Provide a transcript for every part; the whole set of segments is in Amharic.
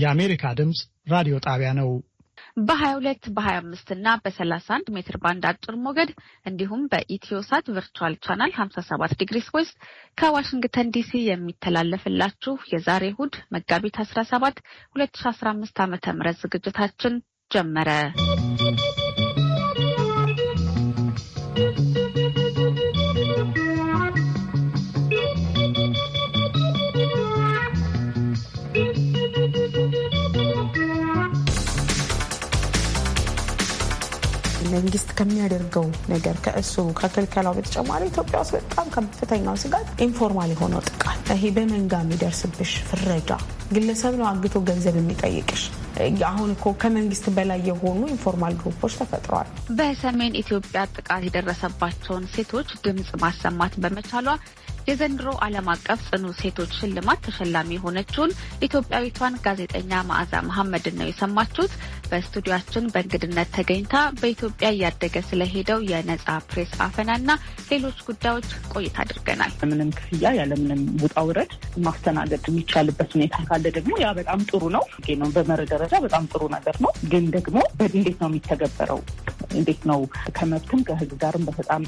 የአሜሪካ ድምፅ ራዲዮ ጣቢያ ነው። በ22 በ25 እና በ31 ሜትር ባንድ አጭር ሞገድ እንዲሁም በኢትዮሳት ቨርቹዋል ቻናል 57 ዲግሪስ ዌስት ከዋሽንግተን ዲሲ የሚተላለፍላችሁ የዛሬ ሁድ መጋቢት 17 2015 ዓ ም ዝግጅታችን ጀመረ። መንግስት ከሚያደርገው ነገር ከእሱ ከክልከላው በተጨማሪ ኢትዮጵያ ውስጥ በጣም ከፍተኛው ስጋት ኢንፎርማል የሆነው ጥቃት ይሄ በመንጋ የሚደርስብሽ ፍረጃ፣ ግለሰብ ነው አግቶ ገንዘብ የሚጠይቅሽ አሁን እኮ ከመንግስት በላይ የሆኑ ኢንፎርማል ግሩፖች ተፈጥረዋል። በሰሜን ኢትዮጵያ ጥቃት የደረሰባቸውን ሴቶች ድምፅ ማሰማት በመቻሏ የዘንድሮ ዓለም አቀፍ ጽኑ ሴቶች ሽልማት ተሸላሚ የሆነችውን ኢትዮጵያዊቷን ጋዜጠኛ መዓዛ መሐመድን ነው የሰማችሁት። በስቱዲያችን በእንግድነት ተገኝታ በኢትዮጵያ እያደገ ስለሄደው የነጻ ፕሬስ አፈናና ሌሎች ጉዳዮች ቆይታ አድርገናል። ምንም ክፍያ ያለምንም ውጣ ውረድ ማስተናገድ የሚቻልበት ሁኔታ ካለ ደግሞ ያ በጣም ጥሩ ነው ነው በመረደር ደረጃ በጣም ጥሩ ነገር ነው። ግን ደግሞ እንዴት ነው የሚተገበረው? እንዴት ነው ከመብትም ከህግ ጋርም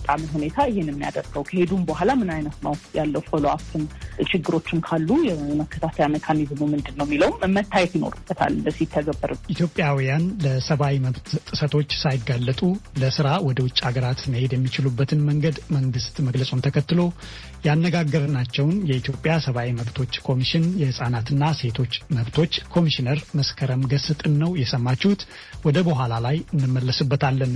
ጣም ሁኔታ ይህን የሚያደርገው? ከሄዱም በኋላ ምን አይነት ነው ያለው ፎሎ አፕም ችግሮችም ካሉ የመከታተያ ሜካኒዝሙ ምንድን ነው የሚለውም መታየት ይኖርበታል ሲተገበር። ኢትዮጵያውያን ለሰብአዊ መብት ጥሰቶች ሳይጋለጡ ለስራ ወደ ውጭ ሀገራት መሄድ የሚችሉበትን መንገድ መንግስት መግለጹን ተከትሎ ያነጋገርናቸውን የኢትዮጵያ ሰብአዊ መብቶች ኮሚሽን የህጻናትና ሴቶች መብቶች ኮሚሽነር መስከረም ሀብታም ገስጥን ነው የሰማችሁት። ወደ በኋላ ላይ እንመለስበታለን።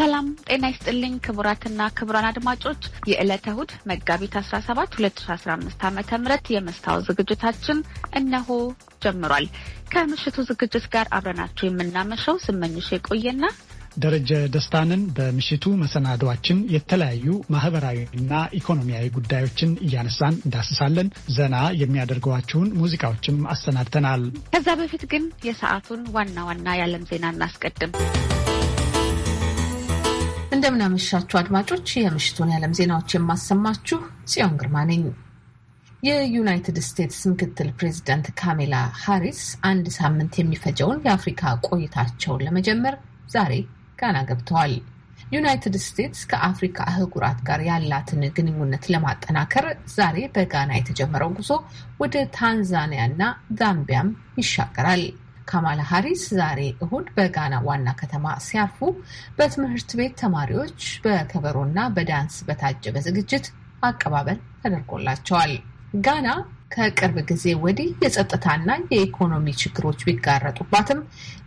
ሰላም ጤና ይስጥልኝ ክቡራትና ክቡራን አድማጮች የዕለተ እሁድ መጋቢት 17 2015 ዓ ም የመስታወት ዝግጅታችን እነሆ ጀምሯል። ከምሽቱ ዝግጅት ጋር አብረናችሁ የምናመሸው ስመኝሽ የቆየና ደረጀ ደስታንን በምሽቱ መሰናዷችን የተለያዩ ማህበራዊና ኢኮኖሚያዊ ጉዳዮችን እያነሳን እንዳስሳለን። ዘና የሚያደርገዋችሁን ሙዚቃዎችም አሰናድተናል። ከዛ በፊት ግን የሰዓቱን ዋና ዋና የዓለም ዜና እናስቀድም። እንደምናመሻችሁ አድማጮች፣ የምሽቱን የዓለም ዜናዎች የማሰማችሁ ጽዮን ግርማ ነኝ። የዩናይትድ ስቴትስ ምክትል ፕሬዚዳንት ካሜላ ሃሪስ አንድ ሳምንት የሚፈጀውን የአፍሪካ ቆይታቸውን ለመጀመር ዛሬ ጋና ገብተዋል። ዩናይትድ ስቴትስ ከአፍሪካ አህጉራት ጋር ያላትን ግንኙነት ለማጠናከር ዛሬ በጋና የተጀመረው ጉዞ ወደ ታንዛኒያ እና ዛምቢያም ይሻገራል። ካማላ ሃሪስ ዛሬ እሁድ በጋና ዋና ከተማ ሲያርፉ በትምህርት ቤት ተማሪዎች በከበሮና በዳንስ በታጀበ ዝግጅት አቀባበል ተደርጎላቸዋል። ጋና ከቅርብ ጊዜ ወዲህ የጸጥታና የኢኮኖሚ ችግሮች ቢጋረጡባትም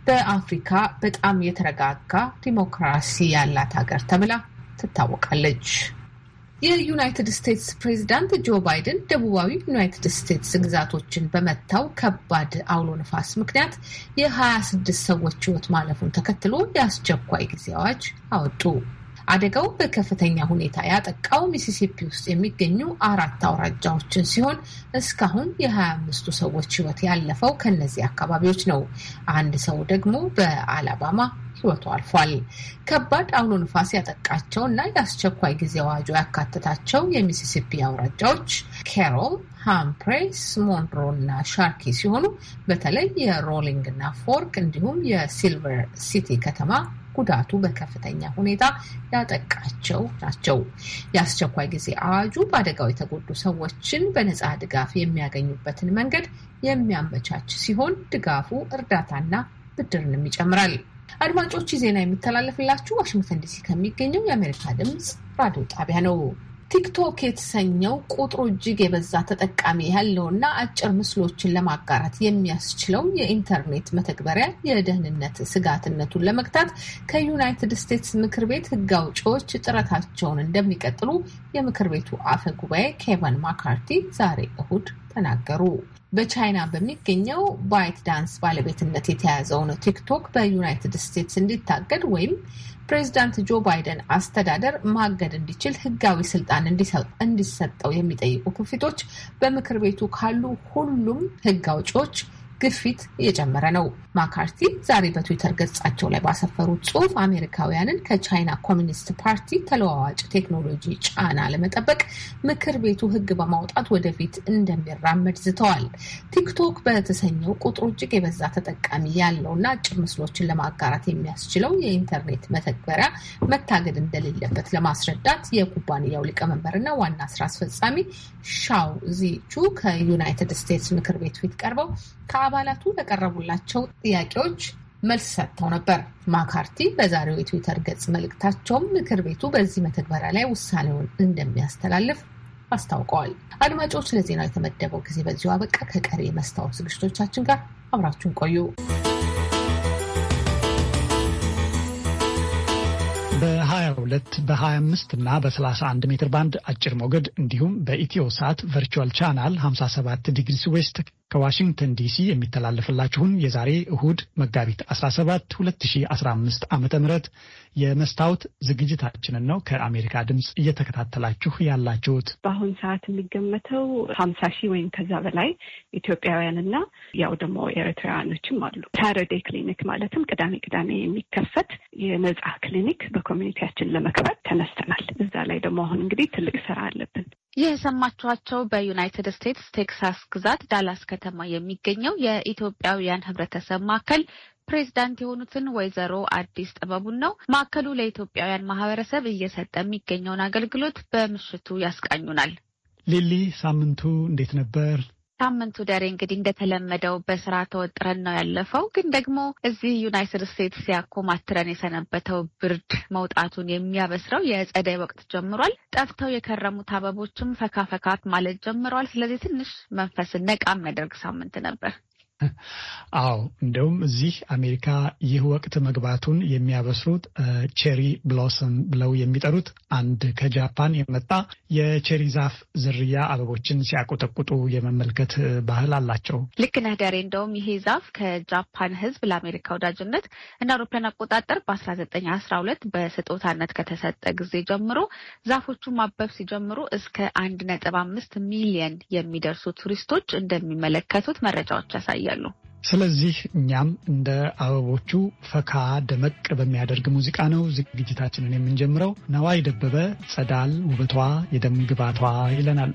በአፍሪካ በጣም የተረጋጋ ዲሞክራሲ ያላት ሀገር ተብላ ትታወቃለች። የዩናይትድ ስቴትስ ፕሬዚዳንት ጆ ባይደን ደቡባዊ ዩናይትድ ስቴትስ ግዛቶችን በመታው ከባድ አውሎ ነፋስ ምክንያት የ26 ሰዎች ሕይወት ማለፉን ተከትሎ የአስቸኳይ ጊዜ አዋጅ አወጡ። አደጋው በከፍተኛ ሁኔታ ያጠቃው ሚሲሲፒ ውስጥ የሚገኙ አራት አውራጃዎችን ሲሆን እስካሁን የሀያ አምስቱ ሰዎች ህይወት ያለፈው ከነዚህ አካባቢዎች ነው። አንድ ሰው ደግሞ በአላባማ ህይወቱ አልፏል። ከባድ አውሎ ንፋስ ያጠቃቸው እና የአስቸኳይ ጊዜ አዋጁ ያካተታቸው የሚሲሲፒ አውራጃዎች ኬሮል፣ ሃምፕሬስ፣ ሞንሮ እና ሻርኪ ሲሆኑ በተለይ የሮሊንግ እና ፎርክ እንዲሁም የሲልቨር ሲቲ ከተማ ጉዳቱ በከፍተኛ ሁኔታ ያጠቃቸው ናቸው። የአስቸኳይ ጊዜ አዋጁ በአደጋው የተጎዱ ሰዎችን በነፃ ድጋፍ የሚያገኙበትን መንገድ የሚያመቻች ሲሆን ድጋፉ እርዳታና ብድርንም ይጨምራል። አድማጮች፣ ዜና የሚተላለፍላችሁ ዋሽንግተን ዲሲ ከሚገኘው የአሜሪካ ድምፅ ራዲዮ ጣቢያ ነው። ቲክቶክ የተሰኘው ቁጥሩ እጅግ የበዛ ተጠቃሚ ያለውና አጭር ምስሎችን ለማጋራት የሚያስችለው የኢንተርኔት መተግበሪያ የደህንነት ስጋትነቱን ለመግታት ከዩናይትድ ስቴትስ ምክር ቤት ሕግ አውጪዎች ጥረታቸውን እንደሚቀጥሉ የምክር ቤቱ አፈ ጉባኤ ኬቨን ማካርቲ ዛሬ እሁድ ተናገሩ። በቻይና በሚገኘው ባይት ዳንስ ባለቤትነት የተያዘውን ቲክቶክ በዩናይትድ ስቴትስ እንዲታገድ ወይም ፕሬዚዳንት ጆ ባይደን አስተዳደር ማገድ እንዲችል ህጋዊ ስልጣን እንዲሰጠው የሚጠይቁ ክፊቶች በምክር ቤቱ ካሉ ሁሉም ህግ አውጪዎች ግፊት እየጨመረ ነው። ማካርቲ ዛሬ በትዊተር ገጻቸው ላይ ባሰፈሩት ጽሑፍ አሜሪካውያንን ከቻይና ኮሚኒስት ፓርቲ ተለዋዋጭ ቴክኖሎጂ ጫና ለመጠበቅ ምክር ቤቱ ሕግ በማውጣት ወደፊት እንደሚራመድ ዝተዋል። ቲክቶክ በተሰኘው ቁጥሩ እጅግ የበዛ ተጠቃሚ ያለውና አጭር ምስሎችን ለማጋራት የሚያስችለው የኢንተርኔት መተግበሪያ መታገድ እንደሌለበት ለማስረዳት የኩባንያው ሊቀመንበርና ዋና ስራ አስፈጻሚ ሻው ዚቹ ከዩናይትድ ስቴትስ ምክር ቤት ፊት ቀርበው ከአባላቱ ለቀረቡላቸው ጥያቄዎች መልስ ሰጥተው ነበር። ማካርቲ በዛሬው የትዊተር ገጽ መልእክታቸውም ምክር ቤቱ በዚህ መተግበሪያ ላይ ውሳኔውን እንደሚያስተላልፍ አስታውቀዋል። አድማጮች፣ ለዜናው የተመደበው ጊዜ በዚሁ አበቃ። ከቀሪ የመስታወት ዝግጅቶቻችን ጋር አብራችሁን ቆዩ። በ22 በ25 እና በ31 ሜትር ባንድ አጭር ሞገድ እንዲሁም በኢትዮ ሰዓት ቨርቹዋል ቻናል 57 ዲግሪስ ዌስት ከዋሽንግተን ዲሲ የሚተላለፍላችሁን የዛሬ እሁድ መጋቢት 17 2015 ዓ ም የመስታወት ዝግጅታችንን ነው ከአሜሪካ ድምፅ እየተከታተላችሁ ያላችሁት። በአሁን ሰዓት የሚገመተው ሀምሳ ሺህ ወይም ከዛ በላይ ኢትዮጵያውያንና ያው ደግሞ ኤርትራውያኖችም አሉ። ሳተርዴ ክሊኒክ ማለትም ቅዳሜ ቅዳሜ የሚከፈት የነጻ ክሊኒክ በኮሚኒቲያችን ለመክፈት ተነስተናል። እዛ ላይ ደግሞ አሁን እንግዲህ ትልቅ ስራ አለብን። ይህ የሰማችኋቸው በዩናይትድ ስቴትስ ቴክሳስ ግዛት ዳላስ ከተማ የሚገኘው የኢትዮጵያውያን ህብረተሰብ ማዕከል ፕሬዚዳንት የሆኑትን ወይዘሮ አዲስ ጥበቡን ነው። ማዕከሉ ለኢትዮጵያውያን ማህበረሰብ እየሰጠ የሚገኘውን አገልግሎት በምሽቱ ያስቃኙናል። ሊሊ ሳምንቱ እንዴት ነበር? ሳምንቱ ደሬ እንግዲህ እንደተለመደው በስራ ተወጥረን ነው ያለፈው። ግን ደግሞ እዚህ ዩናይትድ ስቴትስ ያኮማትረን የሰነበተው ብርድ መውጣቱን የሚያበስረው የጸደይ ወቅት ጀምሯል። ጠፍተው የከረሙት አበቦችም ፈካ ማለት ጀምረዋል። ስለዚህ ትንሽ መንፈስን ነቃ የሚያደርግ ሳምንት ነበር። አዎ እንደውም እዚህ አሜሪካ ይህ ወቅት መግባቱን የሚያበስሩት ቼሪ ብሎሰም ብለው የሚጠሩት አንድ ከጃፓን የመጣ የቼሪ ዛፍ ዝርያ አበቦችን ሲያቆጠቁጡ የመመልከት ባህል አላቸው። ልክ ነህ ደሬ። እንደውም ይሄ ዛፍ ከጃፓን ሕዝብ ለአሜሪካ ወዳጅነት እንደ አውሮፓውያን አቆጣጠር በ1912 በስጦታነት ከተሰጠ ጊዜ ጀምሮ ዛፎቹ ማበብ ሲጀምሩ እስከ አንድ ነጥብ አምስት ሚሊየን የሚደርሱ ቱሪስቶች እንደሚመለከቱት መረጃዎች ያሳያል። ይታያሉ። ስለዚህ እኛም እንደ አበቦቹ ፈካ ደመቅ በሚያደርግ ሙዚቃ ነው ዝግጅታችንን የምንጀምረው። ነዋይ ደበበ ጸዳል ውበቷ የደም ግባቷ ይለናል።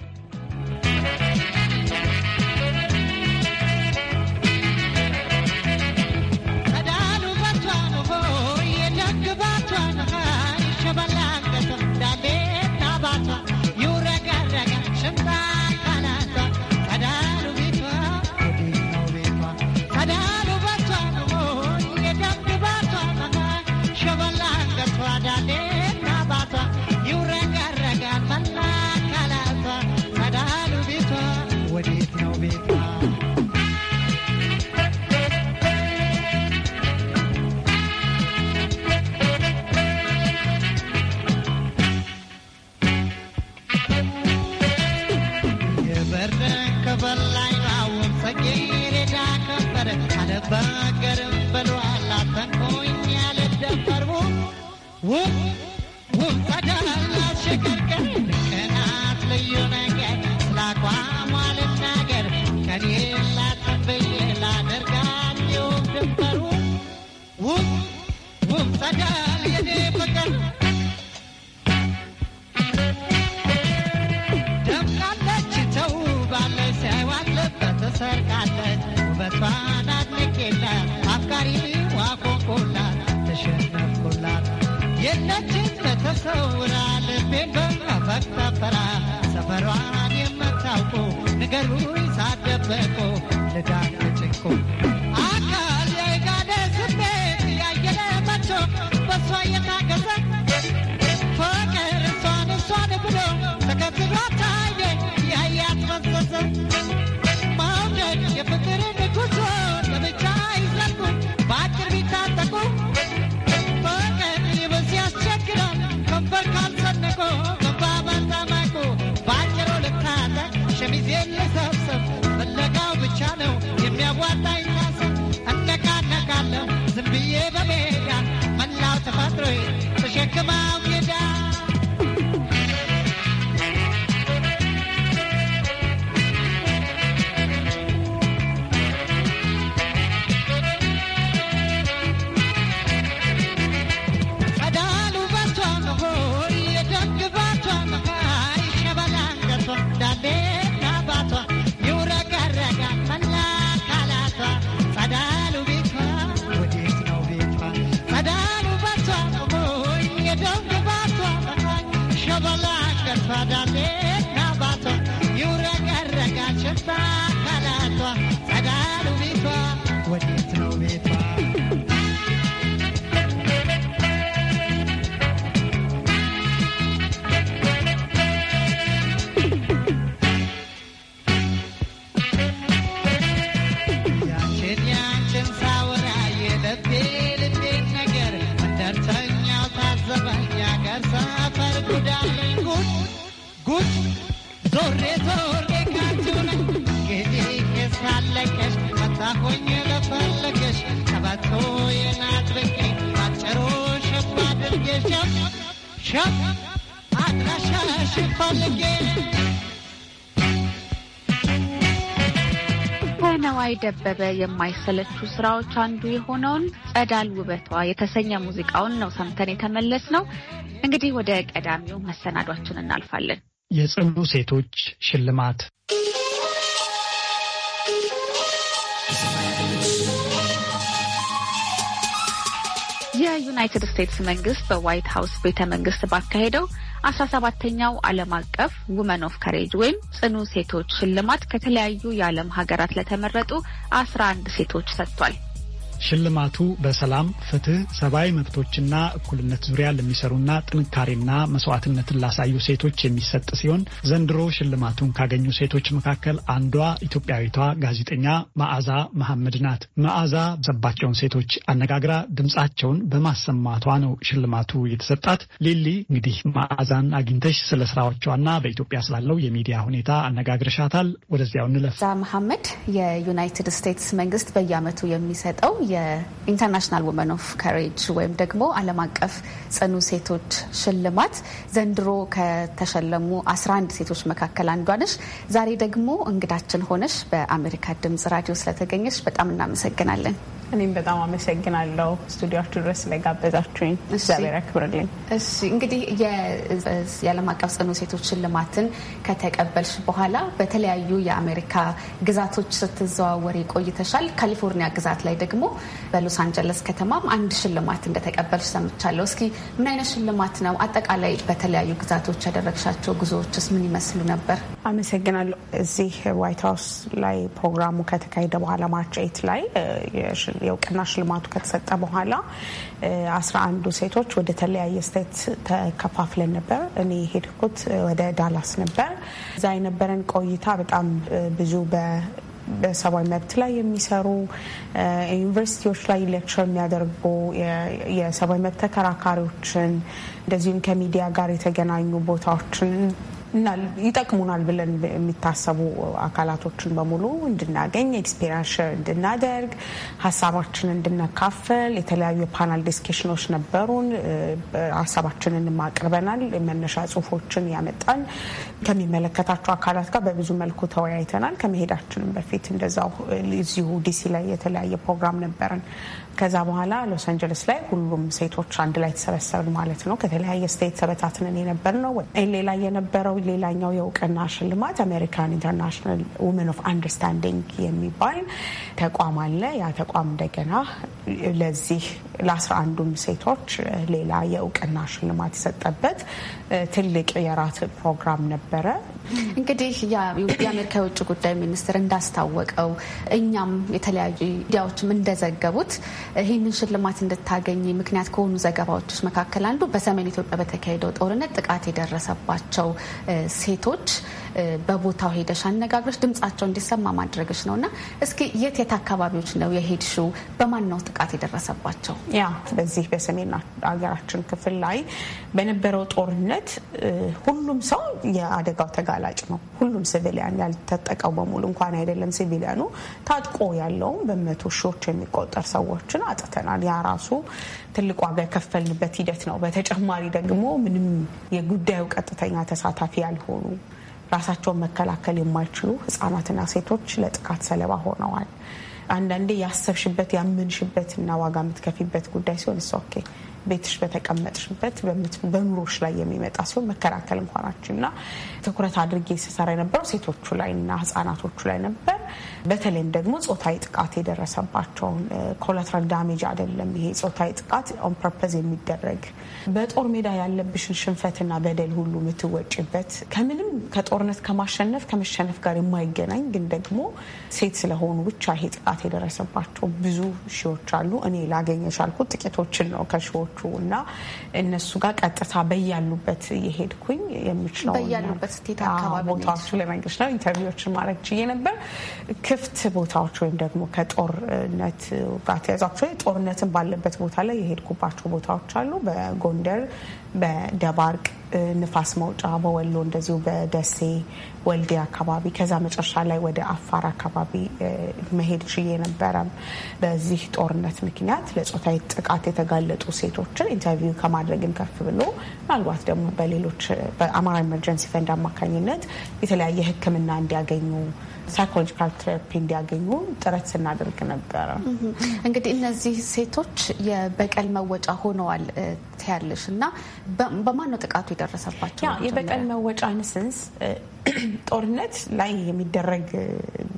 about ያልተገደበ የማይሰለቹ ስራዎች አንዱ የሆነውን ጸዳል ውበቷ የተሰኘ ሙዚቃውን ነው ሰምተን የተመለስ ነው። እንግዲህ ወደ ቀዳሚው መሰናዷችን እናልፋለን። የጽኑ ሴቶች ሽልማት የዩናይትድ ስቴትስ መንግስት በዋይት ሀውስ ቤተ መንግስት ባካሄደው አስራ ሰባተኛው ዓለም አቀፍ ውመን ኦፍ ከሬጅ ወይም ጽኑ ሴቶች ሽልማት ከተለያዩ የዓለም ሀገራት ለተመረጡ አስራ አንድ ሴቶች ሰጥቷል። ሽልማቱ በሰላም ፍትህ፣ ሰብአዊ መብቶችና እኩልነት ዙሪያ ለሚሰሩና ጥንካሬና መስዋዕትነትን ላሳዩ ሴቶች የሚሰጥ ሲሆን ዘንድሮ ሽልማቱን ካገኙ ሴቶች መካከል አንዷ ኢትዮጵያዊቷ ጋዜጠኛ መዓዛ መሐመድ ናት። መዓዛ ሰባቸውን ሴቶች አነጋግራ ድምፃቸውን በማሰማቷ ነው ሽልማቱ የተሰጣት። ሊሊ እንግዲህ መዓዛን አግኝተሽ ስለ ስራዎቿና በኢትዮጵያ ስላለው የሚዲያ ሁኔታ አነጋግረሻታል። ወደዚያው እንለፍ። መሐመድ የዩናይትድ ስቴትስ መንግስት በየዓመቱ የሚሰጠው የኢንተርናሽናል ወመን ኦፍ ከሬጅ ወይም ደግሞ ዓለም አቀፍ ጽኑ ሴቶች ሽልማት ዘንድሮ ከተሸለሙ 11 ሴቶች መካከል አንዷ ነሽ። ዛሬ ደግሞ እንግዳችን ሆነሽ በአሜሪካ ድምጽ ራዲዮ ስለተገኘሽ በጣም እናመሰግናለን። እኔም በጣም አመሰግናለሁ ስቱዲያችሁ ድረስ ስለጋበዛችሁኝ እግዚአብሔር ያክብርልኝ። እሺ እንግዲህ የዓለም አቀፍ ጽኑ ሴቶች ሽልማትን ከተቀበልሽ በኋላ በተለያዩ የአሜሪካ ግዛቶች ስትዘዋወር ቆይተሻል። ካሊፎርኒያ ግዛት ላይ ደግሞ በሎስ አንጀለስ ከተማም አንድ ሽልማት እንደተቀበልሽ ሰምቻለሁ። እስኪ ምን አይነት ሽልማት ነው? አጠቃላይ በተለያዩ ግዛቶች ያደረግሻቸው ጉዞዎችስ ምን ይመስሉ ነበር? አመሰግናለሁ። እዚህ ዋይት ሀውስ ላይ ፕሮግራሙ ከተካሄደ በኋላ ማርች ላይ የእውቅና ሽልማቱ ከተሰጠ በኋላ አስራ አንዱ ሴቶች ወደ ተለያየ ስቴት ተከፋፍለን ነበር። እኔ ሄድኩት ወደ ዳላስ ነበር። እዛ የነበረን ቆይታ በጣም ብዙ በሰብአዊ መብት ላይ የሚሰሩ ዩኒቨርሲቲዎች ላይ ሌክቸር የሚያደርጉ የሰብአዊ መብት ተከራካሪዎችን እንደዚሁም ከሚዲያ ጋር የተገናኙ ቦታዎችን ይጠቅሙናል ብለን የሚታሰቡ አካላቶችን በሙሉ እንድናገኝ ኤክስፔሪንስ እንድናደርግ ሀሳባችንን እንድናካፈል የተለያዩ የፓናል ዲስኬሽኖች ነበሩን። ሀሳባችንን አቅርበናል። መነሻ ጽሁፎችን ያመጣን ከሚመለከታቸው አካላት ጋር በብዙ መልኩ ተወያይተናል። ከመሄዳችንም በፊት እንደዛው እዚሁ ዲሲ ላይ የተለያየ ፕሮግራም ነበረን። ከዛ በኋላ ሎስ አንጀለስ ላይ ሁሉም ሴቶች አንድ ላይ ተሰበሰብን ማለት ነው። ከተለያየ ስቴት ተበታትነን የነበር ነው። ሌላ የነበረው ሌላኛው የእውቅና ሽልማት አሜሪካን ኢንተርናሽናል ውመን ኦፍ አንደርስታንዲንግ የሚባል ተቋም አለ። ያ ተቋም እንደገና ለዚህ ለአስራ አንዱም ሴቶች ሌላ የእውቅና ሽልማት የሰጠበት ትልቅ የራት ፕሮግራም ነበረ። እንግዲህ የአሜሪካ የውጭ ጉዳይ ሚኒስትር እንዳስታወቀው እኛም የተለያዩ ሚዲያዎችም እንደዘገቡት ይህንን ሽልማት እንድታገኝ ምክንያት ከሆኑ ዘገባዎች መካከል አንዱ በሰሜን ኢትዮጵያ በተካሄደው ጦርነት ጥቃት የደረሰባቸው ሴቶች በቦታው ሄደሽ አነጋግረሽ ድምጻቸው እንዲሰማ ማድረግሽ ነው እና እስኪ የት የት አካባቢዎች ነው የሄድሽው? በማን ነው ጥቃት የደረሰባቸው? ያ በዚህ በሰሜን ሀገራችን ክፍል ላይ በነበረው ጦርነት ሁሉም ሰው የአደጋው ተጋላጭ ነው። ሁሉም ሲቪሊያን ያልተጠቀው በሙሉ እንኳን አይደለም ሲቪሊያኑ ታጥቆ ያለውም በመቶ ሺዎች የሚቆጠር ሰዎችን አጥተናል። ያ ራሱ ትልቅ ዋጋ የከፈልንበት ሂደት ነው። በተጨማሪ ደግሞ ምንም የጉዳዩ ቀጥተኛ ተሳታፊ ያልሆኑ ራሳቸውን መከላከል የማይችሉ ህጻናትና ሴቶች ለጥቃት ሰለባ ሆነዋል። አንዳንዴ ያሰብሽበት ያምንሽበት እና ዋጋ የምትከፊበት ጉዳይ ሲሆን እሱ ኦኬ ቤትሽ በተቀመጥሽበት በኑሮሽ ላይ የሚመጣ ሲሆን መከላከል እንኳናችን እና ትኩረት አድርጌ ስሰራ የነበረው ሴቶቹ ላይ እና ህጻናቶቹ ላይ ነበር። በተለይም ደግሞ ጾታዊ ጥቃት የደረሰባቸውን ኮላትራል ዳሜጅ አይደለም ይሄ ጾታዊ ጥቃት ኦን ፐርፐዝ የሚደረግ በጦር ሜዳ ያለብሽን ሽንፈትና በደል ሁሉ የምትወጭበት ከምንም ከጦርነት ከማሸነፍ ከመሸነፍ ጋር የማይገናኝ ግን ደግሞ ሴት ስለሆኑ ብቻ ይሄ ጥቃት የደረሰባቸው ብዙ ሺዎች አሉ። እኔ ላገኘ ቻልኩት ጥቂቶችን ነው ከሺዎቹ እና እነሱ ጋር ቀጥታ በያሉበት የሄድኩኝ የምችለው ቦታዎቹ ለመንገድ ነው ኢንተርቪዎችን ማድረግ ችዬ ነበር። ክፍት ቦታዎች ወይም ደግሞ ከጦርነት ጋር ተያዛቸው ጦርነትን ባለበት ቦታ ላይ የሄድኩባቸው ቦታዎች አሉ። በጎንደር፣ በደባርቅ ንፋስ መውጫ፣ በወሎ እንደዚሁ በደሴ ወልዴ አካባቢ ከዛ መጨረሻ ላይ ወደ አፋር አካባቢ መሄድ ችዬ ነበረ። በዚህ ጦርነት ምክንያት ለጾታዊ ጥቃት የተጋለጡ ሴቶችን ኢንተርቪው ከማድረግም ከፍ ብሎ ምናልባት ደግሞ በሌሎች በአማራ ኤመርጀንሲ ፈንድ አማካኝነት የተለያየ ሕክምና እንዲያገኙ ሳይኮሎጂካል ትራፒ እንዲያገኙ ጥረት ስናደርግ ነበረ። እንግዲህ እነዚህ ሴቶች የበቀል መወጫ ሆነዋል ትያለሽ እና በማን ነው ጥቃቱ የደረሰባቸው? የበቀል መወጫ ንስንስ ጦርነት ላይ የሚደረግ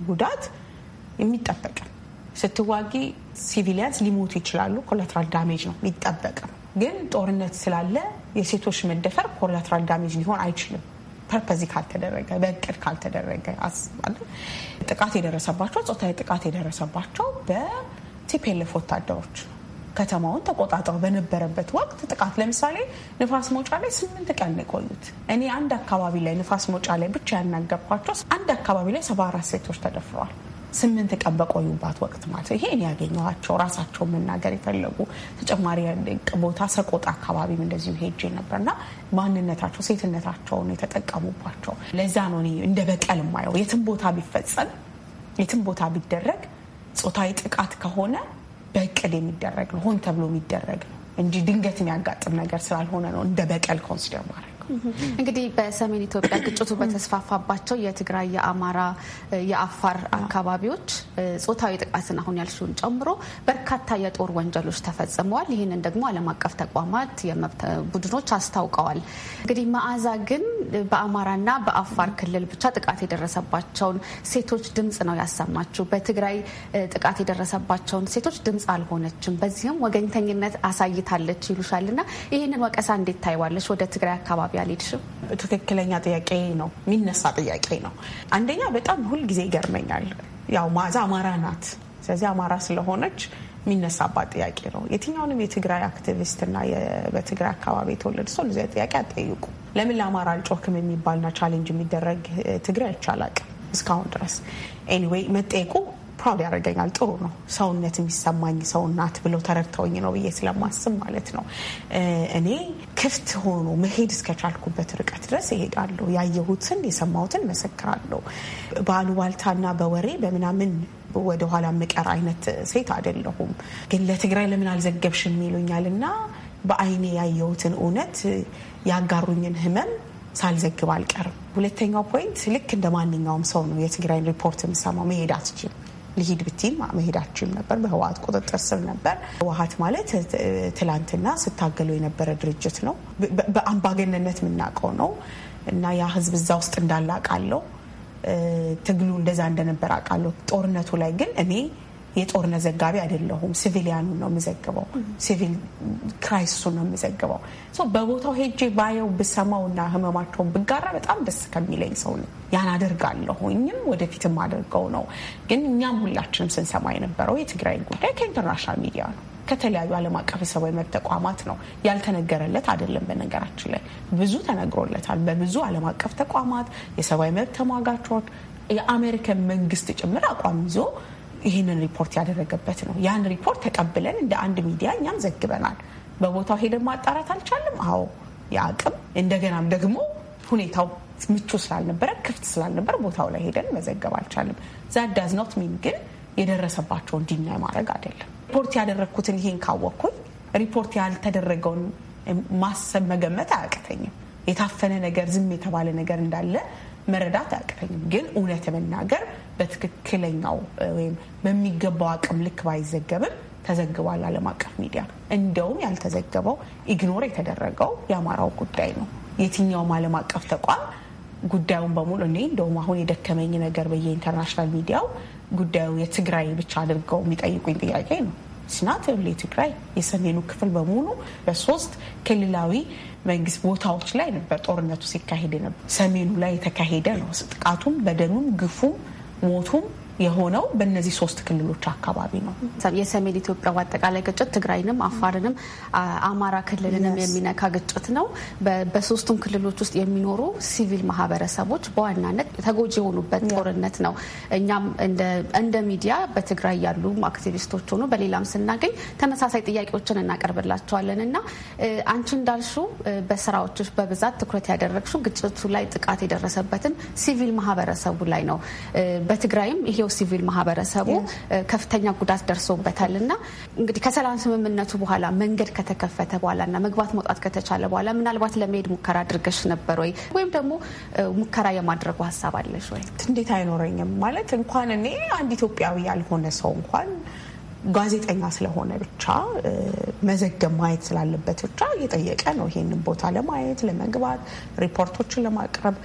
ጉዳት የሚጠበቅ ስትዋጊ ሲቪሊያንስ ሊሞቱ ይችላሉ። ኮላትራል ዳሜጅ ነው የሚጠበቅም። ግን ጦርነት ስላለ የሴቶች መደፈር ኮላትራል ዳሜጅ ሊሆን አይችልም። ፐርፐዚ ካልተደረገ በእቅድ ካልተደረገ አስባለ ጥቃት የደረሰባቸው ጾታዊ ጥቃት የደረሰባቸው በቲፔልፍ ወታደሮች ከተማውን ተቆጣጥረው በነበረበት ወቅት ጥቃት ለምሳሌ ንፋስ መውጫ ላይ ስምንት ቀን ነው የቆዩት። እኔ አንድ አካባቢ ላይ ንፋስ መውጫ ላይ ብቻ ያናገርኳቸው አንድ አካባቢ ላይ ሰባ አራት ሴቶች ተደፍረዋል። ስምንት ቀን በቆዩባት ወቅት ማለት ይሄን ያገኘኋቸው ራሳቸው መናገር የፈለጉ ተጨማሪ ቦታ ሰቆጣ አካባቢም እንደዚሁ ሄጄ ነበርና ማንነታቸው፣ ሴትነታቸውን የተጠቀሙባቸው ለዛ ነው እኔ እንደ በቀል ማየው የትም ቦታ ቢፈጸም የትም ቦታ ቢደረግ ጾታዊ ጥቃት ከሆነ በቅል የሚደረግ ነው፣ ሆን ተብሎ የሚደረግ ነው እንጂ ድንገት የሚያጋጥም ነገር ስላልሆነ ነው እንደ በቀል ኮንሲደር ማድረግ እንግዲህ በሰሜን ኢትዮጵያ ግጭቱ በተስፋፋባቸው የትግራይ፣ የአማራ፣ የአፋር አካባቢዎች ጾታዊ ጥቃትን አሁን ያልሽውን ጨምሮ በርካታ የጦር ወንጀሎች ተፈጽመዋል። ይህንን ደግሞ ዓለም አቀፍ ተቋማት የመብት ቡድኖች አስታውቀዋል። እንግዲህ መዓዛ ግን በአማራና በአፋር ክልል ብቻ ጥቃት የደረሰባቸውን ሴቶች ድምጽ ነው ያሰማችው። በትግራይ ጥቃት የደረሰባቸውን ሴቶች ድምጽ አልሆነችም። በዚህም ወገኝተኝነት አሳይታለች ይሉሻል እና ይህንን ወቀሳ እንዴት ታይዋለች? ወደ ትግራይ አካባቢ አካባቢ አልሄድሽም? ትክክለኛ ጥያቄ ነው የሚነሳ ጥያቄ ነው። አንደኛ በጣም ሁልጊዜ ይገርመኛል። ያው ማዛ አማራ ናት። ስለዚህ አማራ ስለሆነች የሚነሳባት ጥያቄ ነው። የትኛውንም የትግራይ አክቲቪስት እና በትግራይ አካባቢ የተወለደ ሰው እንደዚያ ጥያቄ አጠይቁ። ለምን ለአማራ አልጮክም የሚባልና ቻሌንጅ የሚደረግ ትግራይ አይቻል አቅም እስካሁን ድረስ ኤኒዌይ መጠየቁ ፕራውድ ያደርገኛል። ጥሩ ነው ሰውነት የሚሰማኝ ሰው ናት ብለው ተረድተውኝ ነው ብዬ ስለማስብ ማለት ነው። እኔ ክፍት ሆኖ መሄድ እስከቻልኩበት ርቀት ድረስ እሄዳለሁ። ያየሁትን የሰማሁትን መሰክራለሁ። በአሉባልታና በወሬ በምናምን ወደኋላ ምቀር አይነት ሴት አይደለሁም። ግን ለትግራይ ለምን አልዘገብሽም ይሉኛል እና በአይኔ ያየሁትን እውነት ያጋሩኝን ህመም ሳልዘግብ አልቀርም። ሁለተኛው ፖይንት ልክ እንደ ማንኛውም ሰው ነው የትግራይን ሪፖርት የምሰማው መሄድ አትችልም ሊሂድ ብትል መሄዳችም ነበር። በህወሀት ቁጥጥር ስር ነበር። ህወሀት ማለት ትላንትና ስታገለው የነበረ ድርጅት ነው። በአምባገነንነት የምናውቀው ነው እና ያ ህዝብ እዛ ውስጥ እንዳለ አውቃለሁ። ትግሉ እንደዛ እንደነበር አውቃለሁ። ጦርነቱ ላይ ግን እኔ የጦርነት ዘጋቢ አይደለሁም። ሲቪሊያኑን ነው የምዘግበው። ሲቪል ክራይሲሱን ነው የምዘግበው። በቦታው ሄጄ ባየው ብሰማው እና ህመማቸውን ብጋራ በጣም ደስ ከሚለኝ ሰው ነው። ያን አደርጋለሁ። እኝም ወደፊትም አድርገው ነው። ግን እኛም ሁላችንም ስንሰማ የነበረው የትግራይ ጉዳይ ከኢንተርናሽናል ሚዲያ ነው፣ ከተለያዩ ዓለም አቀፍ የሰብአዊ መብት ተቋማት ነው። ያልተነገረለት አይደለም። በነገራችን ላይ ብዙ ተነግሮለታል። በብዙ ዓለም አቀፍ ተቋማት የሰብአዊ መብት ተሟጋቾች የአሜሪካን መንግስት ጭምር አቋም ይዞ ይህንን ሪፖርት ያደረገበት ነው። ያን ሪፖርት ተቀብለን እንደ አንድ ሚዲያ እኛም ዘግበናል። በቦታው ሄደን ማጣራት አልቻለም። አዎ የአቅም እንደገናም ደግሞ ሁኔታው ምቹ ስላልነበረ ክፍት ስላልነበረ ቦታው ላይ ሄደን መዘገብ አልቻለም። ዛዳዝ ኖት ሚን ግን የደረሰባቸው እንዲናይ ማድረግ አይደለም። ሪፖርት ያደረግኩትን ይሄን ካወቅኩኝ ሪፖርት ያልተደረገውን ማሰብ መገመት አያቅተኝም። የታፈነ ነገር ዝም የተባለ ነገር እንዳለ መረዳት አያቅተኝም። ግን እውነት መናገር በትክክለኛው ወይም በሚገባው አቅም ልክ ባይዘገብም ተዘግቧል። ዓለም አቀፍ ሚዲያ እንደውም ያልተዘገበው ኢግኖር የተደረገው የአማራው ጉዳይ ነው። የትኛውም ዓለም አቀፍ ተቋም ጉዳዩን በሙሉ እኔ እንደውም አሁን የደከመኝ ነገር በየኢንተርናሽናል ሚዲያው ጉዳዩ የትግራይ ብቻ አድርገው የሚጠይቁኝ ጥያቄ ነው። ስናት የትግራይ የሰሜኑ ክፍል በሙሉ በሶስት ክልላዊ መንግስት ቦታዎች ላይ ነበር ጦርነቱ ሲካሄድ ነበር። ሰሜኑ ላይ የተካሄደ ነው። ጥቃቱም፣ በደኑም ግፉም 뭐 좀? የሆነው በእነዚህ ሶስት ክልሎች አካባቢ ነው። የሰሜን ኢትዮጵያ አጠቃላይ ግጭት ትግራይንም፣ አፋርንም፣ አማራ ክልልንም የሚነካ ግጭት ነው። በሶስቱም ክልሎች ውስጥ የሚኖሩ ሲቪል ማህበረሰቦች በዋናነት ተጎጂ የሆኑበት ጦርነት ነው። እኛም እንደ ሚዲያ በትግራይ ያሉ አክቲቪስቶች ሆኑ በሌላም ስናገኝ ተመሳሳይ ጥያቄዎችን እናቀርብላቸዋለን እና አንቺ እንዳልሹ በስራዎች በብዛት ትኩረት ያደረግሹ ግጭቱ ላይ ጥቃት የደረሰበትን ሲቪል ማህበረሰቡ ላይ ነው። በትግራይም ይሄው ሲቪል ማህበረሰቡ ከፍተኛ ጉዳት ደርሶበታል እና እንግዲህ ከሰላም ስምምነቱ በኋላ መንገድ ከተከፈተ በኋላ እና መግባት መውጣት ከተቻለ በኋላ ምናልባት ለመሄድ ሙከራ አድርገሽ ነበር ወይ? ወይም ደግሞ ሙከራ የማድረጉ ሀሳብ አለሽ ወይ? እንዴት አይኖረኝም ማለት እንኳን እኔ አንድ ኢትዮጵያዊ ያልሆነ ሰው እንኳን ጋዜጠኛ ስለሆነ ብቻ መዘገብ ማየት ስላለበት ብቻ እየጠየቀ ነው ይሄንን ቦታ ለማየት ለመግባት ሪፖርቶችን ለማቅረብ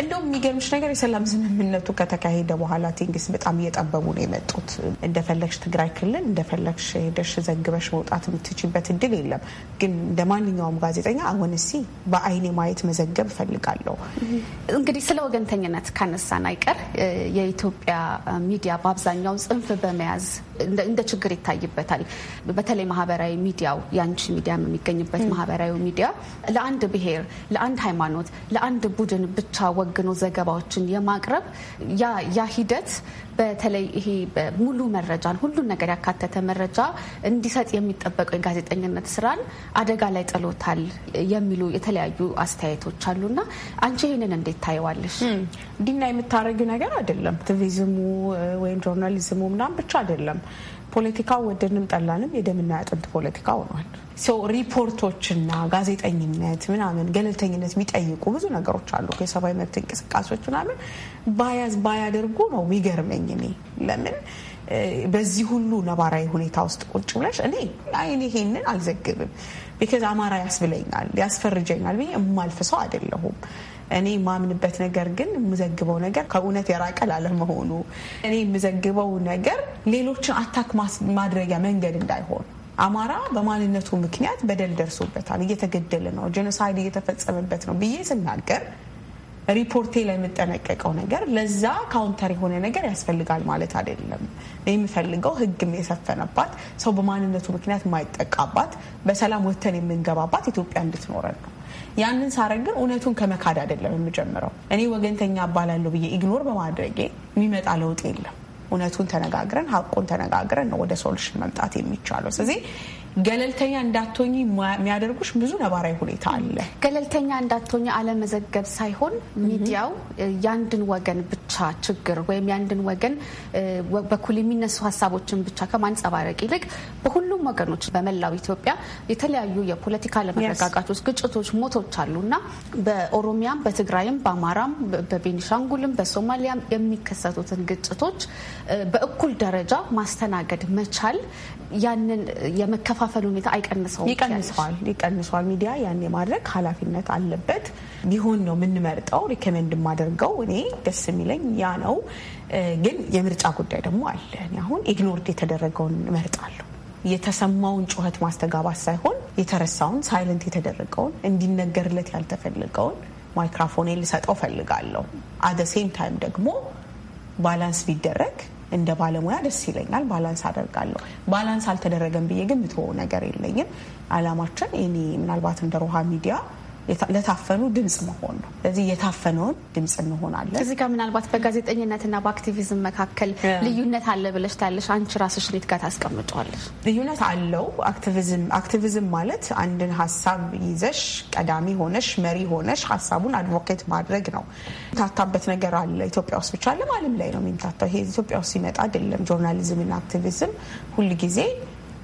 እንደውም የሚገርምሽ ነገር የሰላም ስምምነቱ ከተካሄደ በኋላ ቴንግስ በጣም እየጠበቡ ነው የመጡት። እንደፈለግሽ ትግራይ ክልል እንደፈለግሽ ሄደሽ ዘግበሽ መውጣት የምትችበት እድል የለም። ግን እንደ ማንኛውም ጋዜጠኛ አሁን እስኪ በአይኔ ማየት መዘገብ እፈልጋለሁ። እንግዲህ ስለ ወገንተኝነት ካነሳን አይቀር የኢትዮጵያ ሚዲያ በአብዛኛው ጽንፍ በመያዝ እንደ ችግር ይታይበታል። በተለይ ማህበራዊ ሚዲያው የአንቺ ሚዲያ የሚገኝበት ማህበራዊ ሚዲያ ለአንድ ብሔር፣ ለአንድ ሃይማኖት፣ ለአንድ ቡድን ብቻ ወግኖ ዘገባዎችን የማቅረብ ያ ሂደት በተለይ ይሄ ሙሉ መረጃን ሁሉን ነገር ያካተተ መረጃ እንዲሰጥ የሚጠበቀው የጋዜጠኝነት ስራን አደጋ ላይ ጥሎታል የሚሉ የተለያዩ አስተያየቶች አሉና አንቺ ይህንን እንዴት ታየዋለሽ? ዲና የምታደርጊ ነገር አይደለም። አክቲቪዝሙ ወይም ጆርናሊዝሙ ምናምን ብቻ አይደለም። ፖለቲካው ወደንም ጠላንም የደምና ፖለቲካ ሆኗል። ሰው ሪፖርቶችና ጋዜጠኝነት ምናምን ገለልተኝነት የሚጠይቁ ብዙ ነገሮች አሉ። የሰብአዊ መብት እንቅስቃሴዎች ምናምን ባያዝ ባያደርጉ ነው የሚገርመኝ እኔ ለምን በዚህ ሁሉ ነባራዊ ሁኔታ ውስጥ ቁጭ ብለሽ እኔ አይን ይሄንን አልዘግብም ቢካዝ አማራ ያስብለኛል ያስፈርጀኛል ብዬ የማልፍ ሰው አይደለሁም። እኔ የማምንበት ነገር ግን የምዘግበው ነገር ከእውነት የራቀ ላለመሆኑ እኔ የምዘግበው ነገር ሌሎችን አታክ ማድረጊያ መንገድ እንዳይሆን አማራ በማንነቱ ምክንያት በደል ደርሶበታል፣ እየተገደለ ነው፣ ጀኖሳይድ እየተፈጸመበት ነው ብዬ ስናገር ሪፖርቴ ላይ የምጠነቀቀው ነገር ለዛ ካውንተር የሆነ ነገር ያስፈልጋል ማለት አይደለም። የምፈልገው ሕግም የሰፈነባት ሰው በማንነቱ ምክንያት የማይጠቃባት በሰላም ወተን የምንገባባት ኢትዮጵያ እንድትኖረን ነው። ያንን ሳረግ ግን እውነቱን ከመካድ አይደለም የምጀምረው። እኔ ወገንተኛ እባላለሁ ብዬ ኢግኖር በማድረጌ የሚመጣ ለውጥ የለም። እውነቱን ተነጋግረን ሀቁን ተነጋግረን ነው ወደ ሶሉሽን መምጣት የሚቻለው። ስለዚህ ገለልተኛ እንዳትሆኝ የሚያደርጉሽ ብዙ ነባራዊ ሁኔታ አለ። ገለልተኛ እንዳትሆኝ አለመዘገብ ሳይሆን ሚዲያው የአንድን ወገን ብቻ ችግር ወይም የአንድን ወገን በኩል የሚነሱ ሀሳቦችን ብቻ ከማንጸባረቅ ይልቅ በሁሉም ወገኖች በመላው ኢትዮጵያ የተለያዩ የፖለቲካ አለመረጋጋቶች፣ ግጭቶች፣ ሞቶች አሉ እና በኦሮሚያም፣ በትግራይም፣ በአማራም፣ በቤኒሻንጉልም፣ በሶማሊያም የሚከሰቱትን ግጭቶች በእኩል ደረጃ ማስተናገድ መቻል ያንን የመከፋፈል ሁኔታ አይቀንሰውም። ይቀንሰዋል ይቀንሰዋል። ሚዲያ ያን የማድረግ ኃላፊነት አለበት። ቢሆን ነው የምንመርጠው። ሪኮመንድ የማደርገው እኔ ደስ የሚለኝ ያ ነው። ግን የምርጫ ጉዳይ ደግሞ አለ። አሁን ኢግኖርድ የተደረገውን እመርጣለሁ። የተሰማውን ጩኸት ማስተጋባት ሳይሆን የተረሳውን ሳይለንት የተደረገውን እንዲነገርለት ያልተፈለገውን ማይክራፎኔ ልሰጠው ፈልጋለሁ። አደ ሴም ታይም ደግሞ ባላንስ ቢደረግ እንደ ባለሙያ ደስ ይለኛል። ባላንስ አደርጋለሁ። ባላንስ አልተደረገም ብዬ ግን ምትሆ ነገር የለኝም። አላማችን እኔ ምናልባት እንደ ሮሃ ሚዲያ ለታፈኑ ድምጽ መሆን ነው። ስለዚህ የታፈነውን ድምጽ እንሆናለን። እዚህ ጋር ምናልባት በጋዜጠኝነትና በአክቲቪዝም መካከል ልዩነት አለ ብለሽ ታለሽ። አንቺ ራስሽ እንዴት ጋር ታስቀምጫዋለሽ? ልዩነት አለው። አክቲቪዝም አክቲቪዝም ማለት አንድን ሀሳብ ይዘሽ ቀዳሚ ሆነሽ መሪ ሆነሽ ሀሳቡን አድቮኬት ማድረግ ነው። የሚታታበት ነገር አለ። ኢትዮጵያ ውስጥ ብቻ አለም፣ አለም ላይ ነው የሚታታው። ይሄ ኢትዮጵያ ውስጥ ሲመጣ አይደለም። ጆርናሊዝምና አክቲቪዝም ሁልጊዜ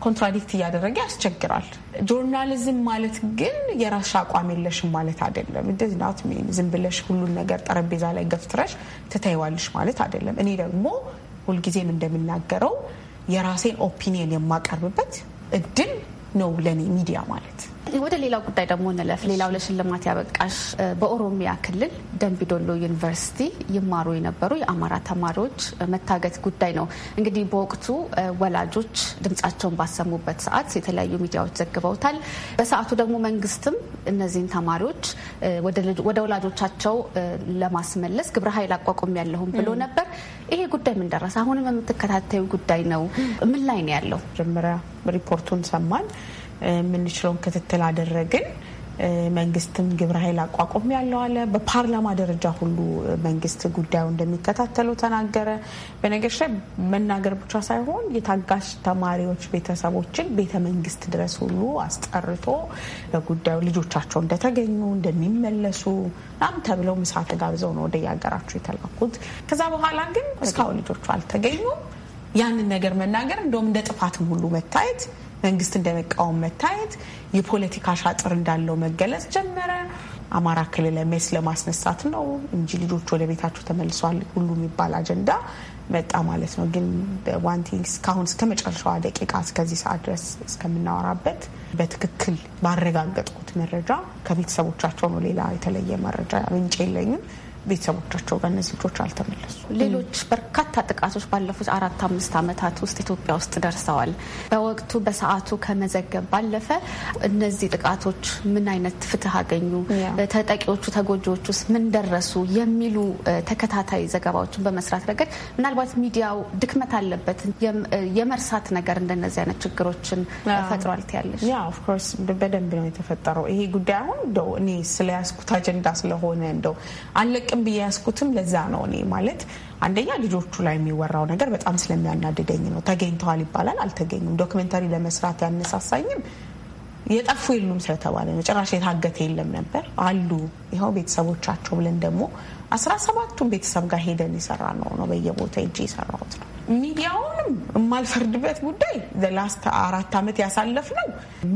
ኮንትራዲክት እያደረገ ያስቸግራል። ጆርናሊዝም ማለት ግን የራስሽ አቋም የለሽም ማለት አይደለም። እንደዚ ናት ዝም ብለሽ ሁሉን ነገር ጠረጴዛ ላይ ገፍትረሽ ትታይዋለሽ ማለት አይደለም። እኔ ደግሞ ሁልጊዜም እንደምናገረው የራሴን ኦፒኒየን የማቀርብበት እድል ነው ለእኔ ሚዲያ ማለት ወደ ሌላው ጉዳይ ደግሞ እንለፍ። ሌላው ለሽልማት ያበቃሽ በኦሮሚያ ክልል ደንቢዶሎ ዩኒቨርሲቲ ይማሩ የነበሩ የአማራ ተማሪዎች መታገት ጉዳይ ነው። እንግዲህ በወቅቱ ወላጆች ድምጻቸውን ባሰሙበት ሰዓት የተለያዩ ሚዲያዎች ዘግበውታል። በሰዓቱ ደግሞ መንግስትም እነዚህን ተማሪዎች ወደ ወላጆቻቸው ለማስመለስ ግብረ ኃይል አቋቁም ያለሁም ብሎ ነበር። ይሄ ጉዳይ ምን ደረሰ? አሁንም የምትከታተዩ ጉዳይ ነው። ምን ላይ ነው ያለው? መጀመሪያ ሪፖርቱን ሰማን። የምንችለውን ክትትል አደረግን። መንግስትም ግብረ ኃይል አቋቁም ያለው አለ። በፓርላማ ደረጃ ሁሉ መንግስት ጉዳዩ እንደሚከታተሉ ተናገረ። በነገር ላይ መናገር ብቻ ሳይሆን የታጋሽ ተማሪዎች ቤተሰቦችን ቤተ መንግስት ድረስ ሁሉ አስጠርቶ በጉዳዩ ልጆቻቸው እንደተገኙ እንደሚመለሱ ናም ተብለው ምሳ ተጋብዘው ነው ወደ የሀገራቸው የተላኩት። ከዛ በኋላ ግን እስካሁን ልጆቹ አልተገኙም። ያንን ነገር መናገር እንደውም እንደ ጥፋትም ሁሉ መታየት መንግስት እንደመቃወም መታየት የፖለቲካ ሻጥር እንዳለው መገለጽ ጀመረ። አማራ ክልል ሜስ ለማስነሳት ነው እንጂ ልጆች ወደ ቤታቸው ተመልሰዋል ሁሉ የሚባል አጀንዳ መጣ ማለት ነው። ግን ዋንቲንግ እስካሁን እስከ መጨረሻዋ ደቂቃ እስከዚህ ሰዓት ድረስ እስከምናወራበት በትክክል ባረጋገጥኩት መረጃ ከቤተሰቦቻቸው ነው። ሌላ የተለየ መረጃ ምንጭ የለኝም። ቤተሰቦቻቸው ጋር እነዚህ ልጆች አልተመለሱ። ሌሎች በርካታ ጥቃቶች ባለፉት አራት አምስት ዓመታት ውስጥ ኢትዮጵያ ውስጥ ደርሰዋል። በወቅቱ በሰዓቱ ከመዘገብ ባለፈ እነዚህ ጥቃቶች ምን አይነት ፍትህ አገኙ፣ ተጠቂዎቹ ውስጥ ምን ደረሱ የሚሉ ተከታታይ ዘገባዎችን በመስራት ረገድ ምናልባት ሚዲያው ድክመት አለበት የመርሳት ነገር እንደነዚህ አይነት ችግሮችን ፈጥሯል ትያለሽ? ያ ኦፍኮርስ በደንብ ነው የተፈጠረው ይሄ ጉዳይ አሁን እንደው እኔ ስለያዝኩት አጀንዳ ስለሆነ እንደው አለቀ ጥቅም ብዬ ያስኩትም ለዛ ነው። እኔ ማለት አንደኛ ልጆቹ ላይ የሚወራው ነገር በጣም ስለሚያናድደኝ ነው። ተገኝተዋል ይባላል፣ አልተገኙም። ዶክመንታሪ ለመስራት ያነሳሳኝም የጠፉ የሉም ስለተባለ ነው። ጭራሽ የታገተ የለም ነበር አሉ። ይኸው ቤተሰቦቻቸው ብለን ደግሞ አስራ ሰባቱን ቤተሰብ ጋር ሄደን የሰራ ነው ነው በየቦታ እጅ የሰራሁት ነው። ሚዲያውንም የማልፈርድበት ጉዳይ ላስት አራት ዓመት ነው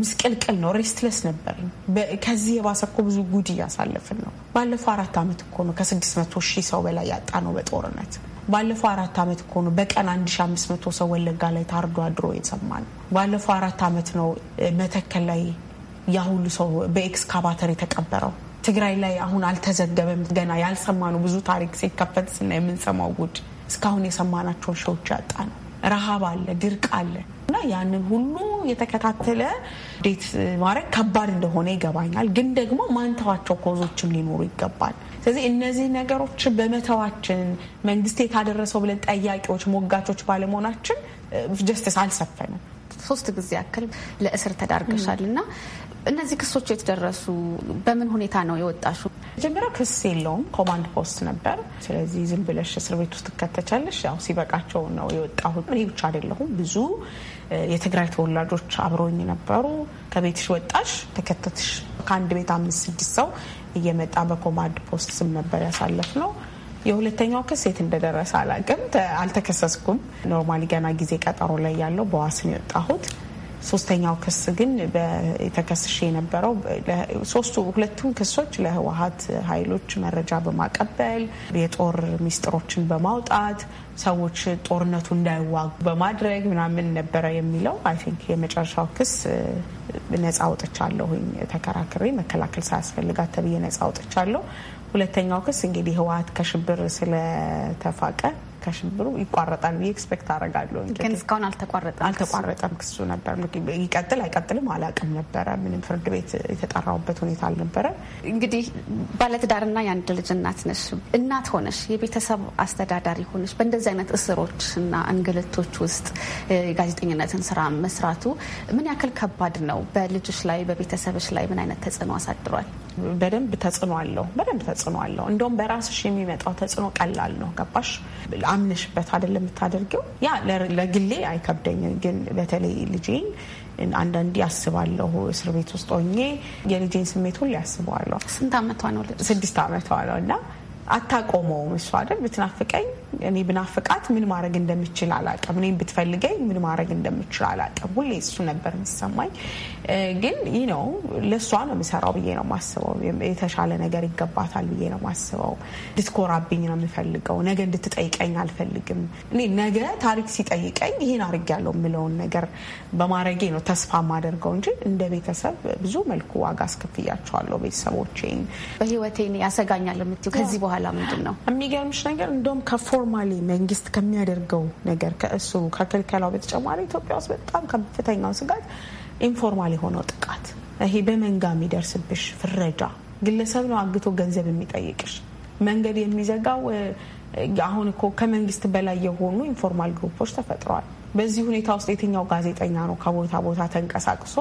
ምስቅልቅል ነው። ሬስትለስ ነበር። ከዚህ የባሰ እኮ ብዙ ጉድ እያሳለፍን ነው። ባለፈው አራት ዓመት እኮ ነው ከስድስት መቶ ሺህ ሰው በላይ ያጣ ነው በጦርነት ባለፈው አራት ዓመት እኮ ነው በቀን 1500 ሰው ወለጋ ላይ ታርዶ አድሮ የሰማ ነው። ባለፈው አራት ዓመት ነው መተከል ላይ ያ ሰው በኤክስካቫተር የተቀበረው። ትግራይ ላይ አሁን አልተዘገበም ገና ያልሰማ ነው ብዙ ታሪክ ሲከፈት ስና የምንሰማው ጉድ እስካሁን የሰማናቸውን ሸዎች ያጣ ነው። ረሃብ አለ፣ ድርቅ አለ እና ያንን ሁሉ የተከታተለ እንዴት ማድረግ ከባድ እንደሆነ ይገባኛል። ግን ደግሞ ማንተዋቸው ኮዞችም ሊኖሩ ይገባል። ስለዚህ እነዚህ ነገሮች በመተዋችን መንግስት የታደረሰው ብለን ጠያቂዎች፣ ሞጋቾች ባለመሆናችን ጀስትስ አልሰፈንም። ሶስት ጊዜ ያክል ለእስር ተዳርገሻል እና እነዚህ ክሶች የተደረሱ በምን ሁኔታ ነው የወጣሹ? መጀመሪያው ክስ የለውም ኮማንድ ፖስት ነበር። ስለዚህ ዝም ብለሽ እስር ቤት ውስጥ ትከተቻለሽ። ያው ሲበቃቸው ነው የወጣሁት። እኔ ብቻ አይደለሁም፣ ብዙ የትግራይ ተወላጆች አብረውኝ ነበሩ። ከቤትሽ ወጣሽ፣ ተከተትሽ። ከአንድ ቤት አምስት ስድስት ሰው እየመጣ በኮማንድ ፖስት ስም ነበር ያሳለፍ ነው። የሁለተኛው ክስ የት እንደደረሰ አላቅም። አልተከሰስኩም። ኖርማሊ ገና ጊዜ ቀጠሮ ላይ ያለው በዋስን የወጣሁት። ሶስተኛው ክስ ግን የተከስሽ የነበረው ሶስቱ ሁለቱም ክሶች ለህወሀት ኃይሎች መረጃ በማቀበል የጦር ሚስጥሮችን በማውጣት ሰዎች ጦርነቱ እንዳይዋጉ በማድረግ ምናምን ነበረ የሚለው አይ ቲንክ የመጨረሻው ክስ ነጻ አውጥቻለሁኝ ተከራክሬ መከላከል ሳያስፈልጋት ተብዬ ነጻ አውጥቻለሁ። ሁለተኛው ክስ እንግዲህ ህወሀት ከሽብር ስለተፋቀ ከሽብሩ ይቋረጣል ብዬ ኤክስፔክት አረጋለሁ። ግን እስካሁን አልተቋረጠም አልተቋረጠም። ክሱ ነበር ይቀጥል አይቀጥልም አላውቅም ነበረ። ምንም ፍርድ ቤት የተጠራውበት ሁኔታ አልነበረ። እንግዲህ ባለትዳርና የአንድ ልጅ እናት ነሽ። እናት ሆነሽ የቤተሰብ አስተዳዳሪ ሆነሽ በእንደዚህ አይነት እስሮች እና እንግልቶች ውስጥ የጋዜጠኝነትን ስራ መስራቱ ምን ያክል ከባድ ነው? በልጅሽ ላይ በቤተሰብሽ ላይ ምን አይነት ተጽዕኖ አሳድሯል? በደንብ ተጽዕኖ አለው። በደንብ ተጽዕኖ አለው። እንደውም በራስሽ የሚመጣው ተጽዕኖ ቀላል ነው። ገባሽ? አምነሽበት አይደለም የምታደርገው። ያ ለግሌ አይከብደኝ፣ ግን በተለይ ልጄን አንዳንዴ አስባለሁ። እስር ቤት ውስጥ ሆኜ የልጄን ስሜት ሁሉ አስበዋለሁ። ስንት ዓመቷ ነው? ስድስት አመቷ ነው እና አታቆመውም። እሷ አይደል ብትናፍቀኝ እኔ ብናፍቃት ምን ማድረግ እንደምችል አላቅም። እኔም ብትፈልገኝ ምን ማድረግ እንደምችል አላቅም። ሁሌ እሱ ነበር የሚሰማኝ። ግን ይህ ነው ለእሷ ነው የምሰራው ብዬ ነው ማስበው የተሻለ ነገር ይገባታል ብዬ ነው ማስበው እንድትኮራብኝ ነው የምፈልገው። ነገ እንድትጠይቀኝ አልፈልግም። እኔ ነገ ታሪክ ሲጠይቀኝ ይህን ያለው የምለውን ነገር በማድረጌ ነው ተስፋ ማደርገው እንጂ እንደ ቤተሰብ ብዙ መልኩ ዋጋ አስከፍያቸዋለሁ ቤተሰቦቼን። በህይወቴ ያሰጋኛል የምትይው ከዚህ በኋላ በኋላ ምንድን ነው የሚገርምሽ ነገር እንደውም ከፎርማሊ መንግስት ከሚያደርገው ነገር ከእሱ ከክልከላው በተጨማሪ ኢትዮጵያ ውስጥ በጣም ከፍተኛው ስጋት ኢንፎርማል የሆነው ጥቃት ይሄ በመንጋ የሚደርስብሽ ፍረጃ፣ ግለሰብ ነው አግቶ ገንዘብ የሚጠይቅሽ፣ መንገድ የሚዘጋው አሁን እኮ ከመንግስት በላይ የሆኑ ኢንፎርማል ግሩፖች ተፈጥረዋል። በዚህ ሁኔታ ውስጥ የትኛው ጋዜጠኛ ነው ከቦታ ቦታ ተንቀሳቅሶ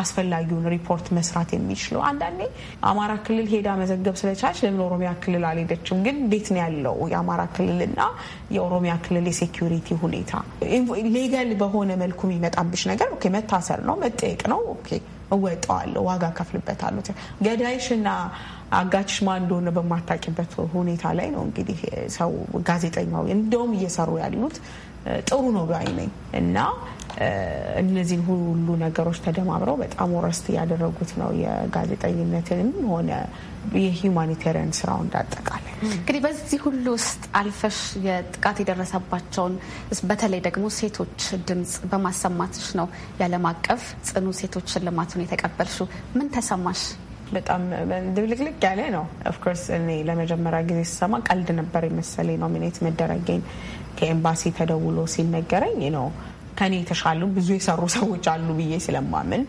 አስፈላጊውን ሪፖርት መስራት የሚችለው? አንዳንዴ አማራ ክልል ሄዳ መዘገብ ስለቻች ለምን ኦሮሚያ ክልል አልሄደችም? ግን እንዴት ነው ያለው የአማራ ክልልና የኦሮሚያ ክልል የሴኪሪቲ ሁኔታ? ሌጋል በሆነ መልኩ የሚመጣብሽ ነገር መታሰር ነው መጠየቅ ነው እወጣዋለሁ፣ ዋጋ ከፍልበታለሁ። ገዳይሽና አጋችሽ ማን እንደሆነ በማታቂበት ሁኔታ ላይ ነው እንግዲህ ሰው ጋዜጠኛው እንደውም እየሰሩ ያሉት ጥሩ ነው ባይ ነኝ እና እነዚህን ሁሉ ነገሮች ተደማምረው በጣም ወረስት ያደረጉት ነው የጋዜጠኝነትንም ሆነ የሂውማኒቴሪያን ስራው እንዳጠቃለ። እንግዲህ በዚህ ሁሉ ውስጥ አልፈሽ የጥቃት የደረሰባቸውን በተለይ ደግሞ ሴቶች ድምጽ በማሰማትሽ ነው የዓለም አቀፍ ጽኑ ሴቶች ሽልማቱን የተቀበልሽው። ምን ተሰማሽ? በጣም ድብልቅልቅ ያለ ነው። ኦፍኮርስ እኔ ለመጀመሪያ ጊዜ ስሰማ ቀልድ ነበር የመሰለኝ ኖሚኔት መደረገኝ ከኤምባሲ ተደውሎ ሲነገረኝ ነው ከኔ የተሻሉ ብዙ የሰሩ ሰዎች አሉ ብዬ ስለማምን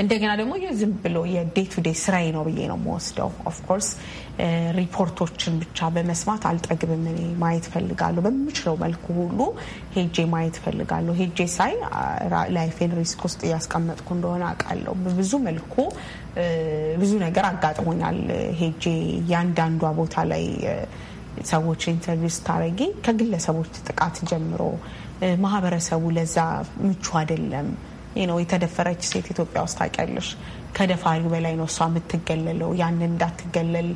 እንደገና ደግሞ የዝም ብሎ የዴ ቱ ዴ ስራዬ ነው ብዬ ነው የምወስደው። ኦፍኮርስ ሪፖርቶችን ብቻ በመስማት አልጠግብም። እኔ ማየት ፈልጋለሁ፣ በምችለው መልኩ ሁሉ ሄጄ ማየት ፈልጋለሁ። ሄጄ ሳይ ላይፌን ሪስክ ውስጥ እያስቀመጥኩ እንደሆነ አውቃለሁ። በብዙ መልኩ ብዙ ነገር አጋጥሞኛል። ሄጄ እያንዳንዷ ቦታ ላይ ሰዎች ኢንተርቪው ስታረጊ ከግለሰቦች ጥቃት ጀምሮ ማህበረሰቡ ለዛ ምቹ አይደለም ነው። የተደፈረች ሴት ኢትዮጵያ ውስጥ ታውቂያለሽ፣ ከደፋሪው በላይ ነው እሷ የምትገለለው። ያንን እንዳትገለል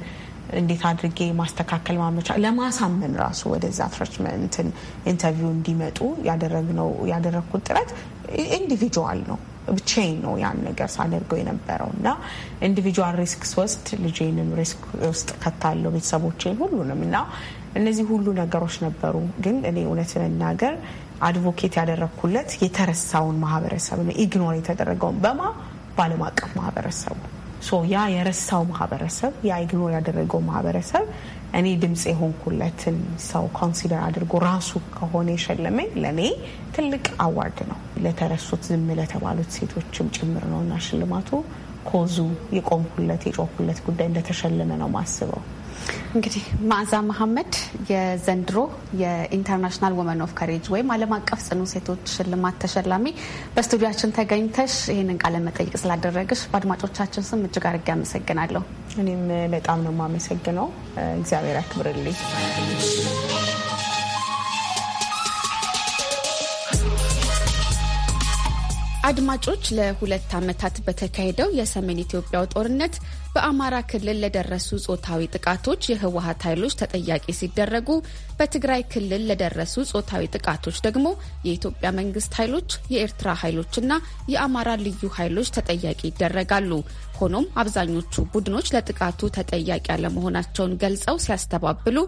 እንዴት አድርጌ ማስተካከል ማመቻ ለማሳመን ራሱ ወደዛ ፍረሽመንትን ኢንተርቪው እንዲመጡ ያደረግነው ያደረግኩት ጥረት ኢንዲቪጁዋል ነው ብቻዬን ነው ያን ነገር ሳደርገው የነበረው እና ኢንዲቪጁዋል ሪስክ ስወስድ ልጄንም ሪስክ ውስጥ ከታለው ቤተሰቦቼን ሁሉንም እና እነዚህ ሁሉ ነገሮች ነበሩ። ግን እኔ እውነት መናገር አድቮኬት ያደረግኩለት የተረሳውን ማህበረሰብ ነው፣ ኢግኖር የተደረገውን በማ በአለም አቀፍ ማህበረሰቡ ያ የረሳው ማህበረሰብ ያ ኢግኖር ያደረገው ማህበረሰብ እኔ ድምፅ የሆንኩለትን ሰው ኮንሲደር አድርጎ ራሱ ከሆነ የሸለመኝ ለእኔ ትልቅ አዋርድ ነው። ለተረሱት ዝም ለተባሉት ሴቶችም ጭምር ነው እና ሽልማቱ ኮዙ የቆምኩለት የጮኩለት ጉዳይ እንደተሸለመ ነው ማስበው። እንግዲህ መዓዛ መሐመድ የዘንድሮ የኢንተርናሽናል ወመን ኦፍ ከሬጅ ወይም ዓለም አቀፍ ጽኑ ሴቶች ሽልማት ተሸላሚ በስቱዲያችን ተገኝተሽ ይህንን ቃለ መጠይቅ ስላደረግሽ በአድማጮቻችን ስም እጅግ አድርጌ አመሰግናለሁ። እኔም በጣም ነው የማመሰግነው። እግዚአብሔር ያክብርልኝ። አድማጮች ለሁለት ዓመታት በተካሄደው የሰሜን ኢትዮጵያው ጦርነት በአማራ ክልል ለደረሱ ጾታዊ ጥቃቶች የህወሀት ኃይሎች ተጠያቂ ሲደረጉ፣ በትግራይ ክልል ለደረሱ ጾታዊ ጥቃቶች ደግሞ የኢትዮጵያ መንግስት ኃይሎች፣ የኤርትራ ኃይሎችና የአማራ ልዩ ኃይሎች ተጠያቂ ይደረጋሉ። ሆኖም አብዛኞቹ ቡድኖች ለጥቃቱ ተጠያቂ ያለመሆናቸውን ገልጸው ሲያስተባብሉ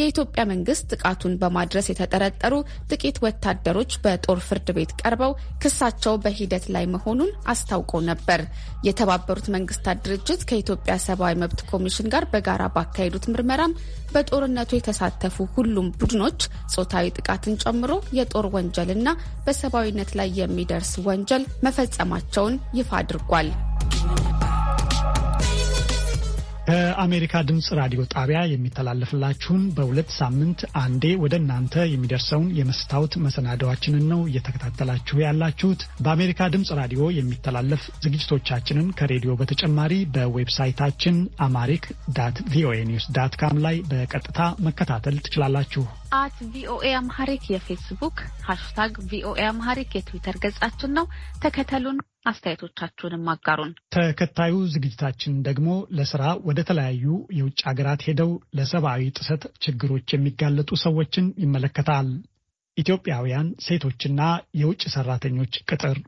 የኢትዮጵያ መንግስት ጥቃቱን በማድረስ የተጠረጠሩ ጥቂት ወታደሮች በጦር ፍርድ ቤት ቀርበው ክሳቸው በሂደት ላይ መሆኑን አስታውቀው ነበር። የተባበሩት መንግስታት ድርጅት ከኢትዮ ከኢትዮጵያ ሰብአዊ መብት ኮሚሽን ጋር በጋራ ባካሄዱት ምርመራም በጦርነቱ የተሳተፉ ሁሉም ቡድኖች ጾታዊ ጥቃትን ጨምሮ የጦር ወንጀልና በሰብአዊነት ላይ የሚደርስ ወንጀል መፈጸማቸውን ይፋ አድርጓል። ከአሜሪካ ድምፅ ራዲዮ ጣቢያ የሚተላለፍላችሁን በሁለት ሳምንት አንዴ ወደ እናንተ የሚደርሰውን የመስታወት መሰናዳዋችንን ነው እየተከታተላችሁ ያላችሁት። በአሜሪካ ድምፅ ራዲዮ የሚተላለፍ ዝግጅቶቻችንን ከሬዲዮ በተጨማሪ በዌብሳይታችን አማሪክ ዳት ቪኦኤ ኒውስ ዳት ካም ላይ በቀጥታ መከታተል ትችላላችሁ። አት ቪኦኤ አምሃሪክ የፌስቡክ ሃሽታግ ቪኦኤ አምሃሪክ የትዊተር ገጻችን ነው። ተከተሉን፣ አስተያየቶቻችሁንም አጋሩን። ተከታዩ ዝግጅታችን ደግሞ ለስራ ወደ ተለያዩ የውጭ ሀገራት ሄደው ለሰብአዊ ጥሰት ችግሮች የሚጋለጡ ሰዎችን ይመለከታል። ኢትዮጵያውያን ሴቶችና የውጭ ሰራተኞች ቅጥር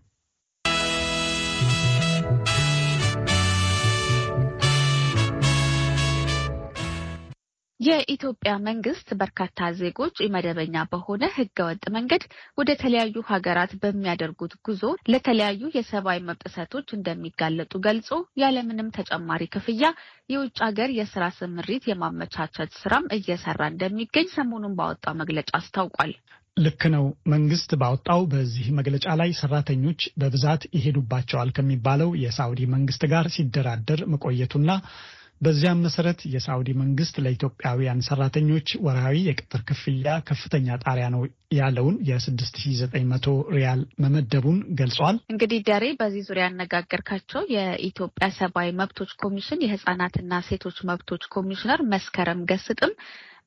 የኢትዮጵያ መንግስት በርካታ ዜጎች መደበኛ በሆነ ህገወጥ መንገድ ወደ ተለያዩ ሀገራት በሚያደርጉት ጉዞ ለተለያዩ የሰብአዊ መብት ጥሰቶች እንደሚጋለጡ ገልጾ ያለምንም ተጨማሪ ክፍያ የውጭ ሀገር የስራ ስምሪት የማመቻቸት ስራም እየሰራ እንደሚገኝ ሰሞኑን ባወጣው መግለጫ አስታውቋል። ልክ ነው። መንግስት ባወጣው በዚህ መግለጫ ላይ ሰራተኞች በብዛት ይሄዱባቸዋል ከሚባለው የሳውዲ መንግስት ጋር ሲደራደር መቆየቱና በዚያም መሰረት የሳውዲ መንግስት ለኢትዮጵያውያን ሰራተኞች ወርሃዊ የቅጥር ክፍያ ከፍተኛ ጣሪያ ነው ያለውን የ6900 ሪያል መመደቡን ገልጿል። እንግዲህ ደሬ በዚህ ዙሪያ ያነጋገርካቸው የኢትዮጵያ ሰብአዊ መብቶች ኮሚሽን የህጻናትና ሴቶች መብቶች ኮሚሽነር መስከረም ገስጥም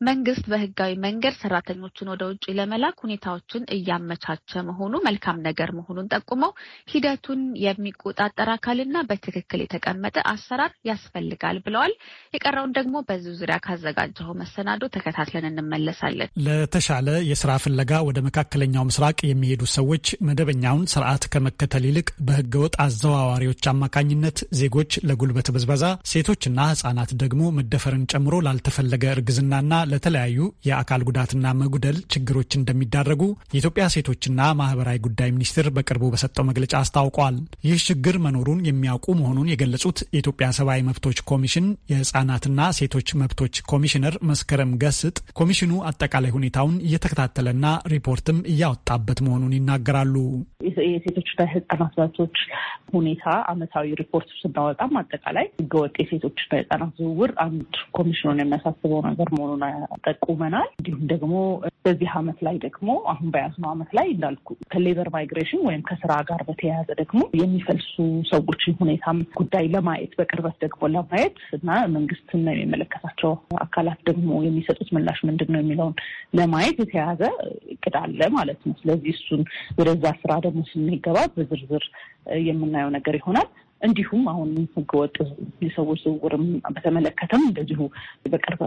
መንግስት በህጋዊ መንገድ ሰራተኞችን ወደ ውጭ ለመላክ ሁኔታዎችን እያመቻቸ መሆኑ መልካም ነገር መሆኑን ጠቁመው ሂደቱን የሚቆጣጠር አካልና በትክክል የተቀመጠ አሰራር ያስፈልጋል ብለዋል። የቀረውን ደግሞ በዚህ ዙሪያ ካዘጋጀው መሰናዶ ተከታትለን እንመለሳለን። ለተሻለ የስራ ፍለጋ ወደ መካከለኛው ምስራቅ የሚሄዱ ሰዎች መደበኛውን ስርዓት ከመከተል ይልቅ በህገወጥ አዘዋዋሪዎች አማካኝነት ዜጎች ለጉልበት ብዝበዛ፣ ሴቶችና ህጻናት ደግሞ መደፈርን ጨምሮ ላልተፈለገ እርግዝናና ለተለያዩ የአካል ጉዳትና መጉደል ችግሮች እንደሚዳረጉ የኢትዮጵያ ሴቶችና ማህበራዊ ጉዳይ ሚኒስቴር በቅርቡ በሰጠው መግለጫ አስታውቋል። ይህ ችግር መኖሩን የሚያውቁ መሆኑን የገለጹት የኢትዮጵያ ሰብአዊ መብቶች ኮሚሽን የህጻናትና ሴቶች መብቶች ኮሚሽነር መስከረም ገስጥ ኮሚሽኑ አጠቃላይ ሁኔታውን እየተከታተለና ሪፖርትም እያወጣበት መሆኑን ይናገራሉ። የሴቶችና ህጻናት መብቶች ሁኔታ አመታዊ ሪፖርት ስናወጣም አጠቃላይ ህገወጥ የሴቶችና ህጻናት ዝውውር አንድ ኮሚሽኑን የሚያሳስበው ነገር መሆኑን ጠቁመናል። እንዲሁም ደግሞ በዚህ አመት ላይ ደግሞ አሁን በያዝነው አመት ላይ እንዳልኩ ከሌበር ማይግሬሽን ወይም ከስራ ጋር በተያያዘ ደግሞ የሚፈልሱ ሰዎችን ሁኔታ ጉዳይ ለማየት በቅርበት ደግሞ ለማየት እና መንግስትና የሚመለከታቸው አካላት ደግሞ የሚሰጡት ምላሽ ምንድን ነው የሚለውን ለማየት የተያዘ እቅድ አለ ማለት ነው። ስለዚህ እሱን ወደዛ ስራ ደግሞ ስንገባ በዝርዝር የምናየው ነገር ይሆናል። እንዲሁም አሁን ህገወጥ የሰዎች ዝውውርም በተመለከተም እንደዚሁ በቅርብ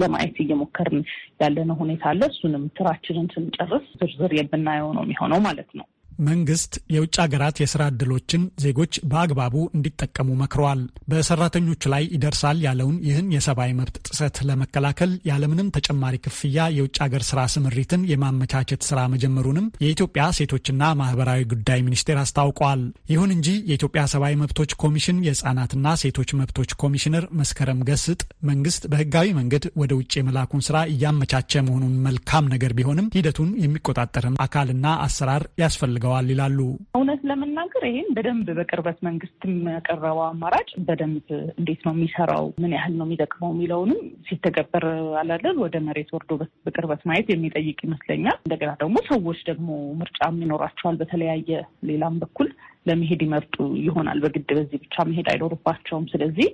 ለማየት እየሞከርን ያለነው ሁኔታ አለ። እሱንም ስራችንን ስንጨርስ ዝርዝር የምናየው ነው የሚሆነው ማለት ነው። መንግስት የውጭ ሀገራት የስራ ዕድሎችን ዜጎች በአግባቡ እንዲጠቀሙ መክረዋል። በሰራተኞቹ ላይ ይደርሳል ያለውን ይህን የሰብአዊ መብት ጥሰት ለመከላከል ያለምንም ተጨማሪ ክፍያ የውጭ ሀገር ስራ ስምሪትን የማመቻቸት ስራ መጀመሩንም የኢትዮጵያ ሴቶችና ማህበራዊ ጉዳይ ሚኒስቴር አስታውቋል። ይሁን እንጂ የኢትዮጵያ ሰብአዊ መብቶች ኮሚሽን የህጻናትና ሴቶች መብቶች ኮሚሽነር መስከረም ገስጥ መንግስት በህጋዊ መንገድ ወደ ውጭ የመላኩን ስራ እያመቻቸ መሆኑን መልካም ነገር ቢሆንም ሂደቱን የሚቆጣጠርም አካልና አሰራር ያስፈልጋል አድርገዋል ይላሉ። እውነት ለመናገር ይህን በደንብ በቅርበት መንግስት ያቀረበው አማራጭ በደንብ እንዴት ነው የሚሰራው፣ ምን ያህል ነው የሚጠቅመው የሚለውንም ሲተገበር አላለል ወደ መሬት ወርዶ በቅርበት ማየት የሚጠይቅ ይመስለኛል። እንደገና ደግሞ ሰዎች ደግሞ ምርጫም ይኖራቸዋል በተለያየ ሌላም በኩል ለመሄድ ይመርጡ ይሆናል። በግድ በዚህ ብቻ መሄድ አይኖርባቸውም። ስለዚህ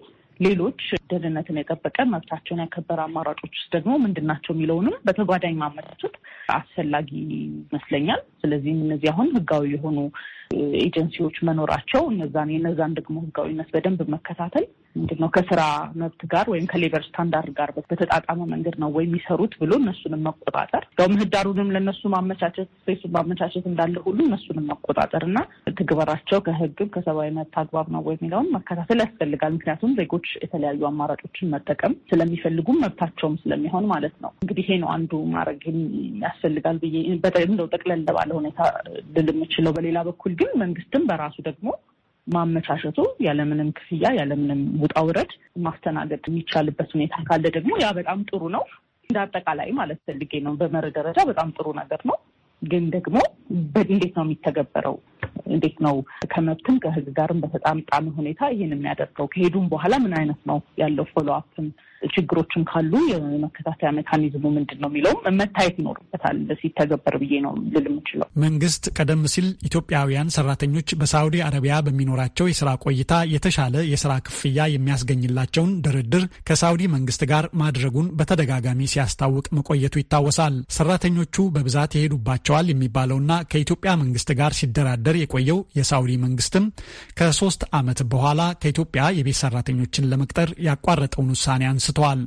ሌሎች ደህንነትን የጠበቀ መብታቸውን ያከበረ አማራጮች ውስጥ ደግሞ ምንድን ናቸው የሚለውንም በተጓዳኝ ማመቻቸት አስፈላጊ ይመስለኛል። ስለዚህም እነዚህ አሁን ህጋዊ የሆኑ ኤጀንሲዎች መኖራቸው እነዛን የነዛን ደግሞ ህጋዊነት በደንብ መከታተል ምንድነው ከስራ መብት ጋር ወይም ከሌበር ስታንዳርድ ጋር በተጣጣመ መንገድ ነው ወይም የሚሰሩት ብሎ እነሱንም መቆጣጠር ያው ምህዳሩንም ለእነሱ ማመቻቸት ስፔሱን ማመቻቸት እንዳለ ሁሉ እነሱንም መቆጣጠር እና ትግበራቸው ከህግም ከሰብአዊ መብት አግባብ ነው ወይ የሚለውን መከታተል ያስፈልጋል። ምክንያቱም ዜጎች የተለያዩ አማራጮችን መጠቀም ስለሚፈልጉም መብታቸውም ስለሚሆን ማለት ነው። እንግዲህ ይሄ ነው አንዱ ማድረግ ያስፈልጋል ብዬ እንደው ጠቅለል ባለ ሁኔታ ልል የምችለው። በሌላ በኩል ግን መንግስትም በራሱ ደግሞ ማመቻቸቱ ያለምንም ክፍያ ያለምንም ውጣ ውረድ ማስተናገድ የሚቻልበት ሁኔታ ካለ ደግሞ ያ በጣም ጥሩ ነው። እንደ አጠቃላይ ማለት ፈልጌ ነው። በመርህ ደረጃ በጣም ጥሩ ነገር ነው። ግን ደግሞ እንዴት ነው የሚተገበረው? እንዴት ነው ከመብትም ከህግ ጋርም በተጣምጣመ ሁኔታ ይህን የሚያደርገው? ከሄዱም በኋላ ምን አይነት ነው ያለው ፎሎአፕም ችግሮችን ካሉ የመከታተያ ሜካኒዝሙ ምንድን ነው የሚለውም መታየት ይኖርበታል ሲተገበር ብዬ ነው ልል የምችለው። መንግስት ቀደም ሲል ኢትዮጵያውያን ሰራተኞች በሳውዲ አረቢያ በሚኖራቸው የስራ ቆይታ የተሻለ የስራ ክፍያ የሚያስገኝላቸውን ድርድር ከሳውዲ መንግስት ጋር ማድረጉን በተደጋጋሚ ሲያስታውቅ መቆየቱ ይታወሳል። ሰራተኞቹ በብዛት ይሄዱባቸዋል የሚባለውና ከኢትዮጵያ መንግስት ጋር ሲደራደር የቆየው የሳውዲ መንግስትም ከሶስት ዓመት በኋላ ከኢትዮጵያ የቤት ሰራተኞችን ለመቅጠር ያቋረጠውን ውሳኔ አንስቶ አንስተዋል።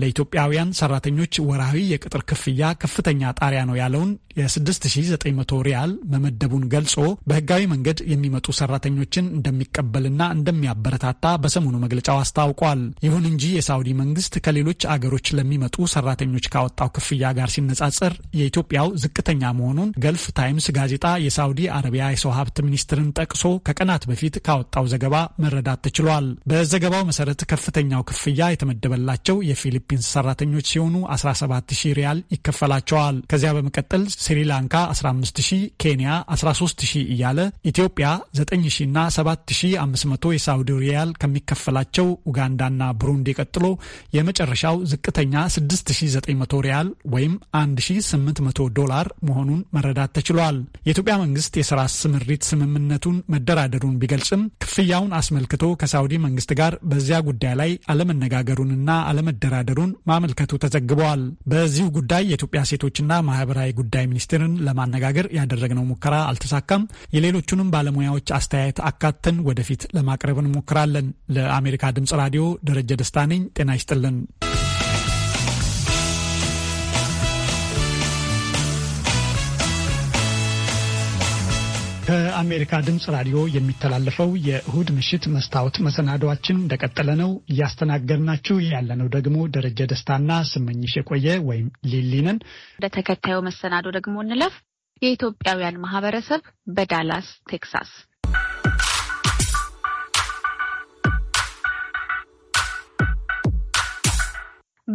ለኢትዮጵያውያን ሰራተኞች ወርሃዊ የቅጥር ክፍያ ከፍተኛ ጣሪያ ነው ያለውን የ6900 ሪያል መመደቡን ገልጾ በህጋዊ መንገድ የሚመጡ ሰራተኞችን እንደሚቀበልና እንደሚያበረታታ በሰሞኑ መግለጫው አስታውቋል። ይሁን እንጂ የሳውዲ መንግስት ከሌሎች አገሮች ለሚመጡ ሰራተኞች ካወጣው ክፍያ ጋር ሲነጻጸር የኢትዮጵያው ዝቅተኛ መሆኑን ገልፍ ታይምስ ጋዜጣ የሳውዲ አረቢያ የሰው ሀብት ሚኒስትርን ጠቅሶ ከቀናት በፊት ካወጣው ዘገባ መረዳት ተችሏል። በዘገባው መሰረት ከፍተኛው ክፍያ የተመደበ የቀረበላቸው የፊሊፒንስ ሰራተኞች ሲሆኑ 170 ሪያል ይከፈላቸዋል። ከዚያ በመቀጠል ስሪላንካ 150፣ ኬንያ 130 እያለ ኢትዮጵያ 9000ና 7500 የሳውዲ ሪያል ከሚከፈላቸው ኡጋንዳና ብሩንዲ ቀጥሎ የመጨረሻው ዝቅተኛ 6900 ሪያል ወይም 1800 ዶላር መሆኑን መረዳት ተችሏል። የኢትዮጵያ መንግስት የስራ ስምሪት ስምምነቱን መደራደሩን ቢገልጽም ክፍያውን አስመልክቶ ከሳውዲ መንግስት ጋር በዚያ ጉዳይ ላይ አለመነጋገሩንና አለመቻሉንና አለመደራደሩን ማመልከቱ ተዘግበዋል። በዚሁ ጉዳይ የኢትዮጵያ ሴቶችና ማህበራዊ ጉዳይ ሚኒስቴርን ለማነጋገር ያደረግነው ሙከራ አልተሳካም። የሌሎቹንም ባለሙያዎች አስተያየት አካተን ወደፊት ለማቅረብ እንሞክራለን። ለአሜሪካ ድምጽ ራዲዮ ደረጀ ደስታ ነኝ። ጤና ይስጥልን። ከአሜሪካ ድምፅ ራዲዮ የሚተላለፈው የእሁድ ምሽት መስታወት መሰናዷችን እንደቀጠለ ነው። እያስተናገድናችሁ ያለነው ደግሞ ደረጀ ደስታና ስመኝሽ የቆየ ወይም ሊሊንን። ወደ ተከታዩ መሰናዶ ደግሞ እንለፍ። የኢትዮጵያውያን ማህበረሰብ በዳላስ ቴክሳስ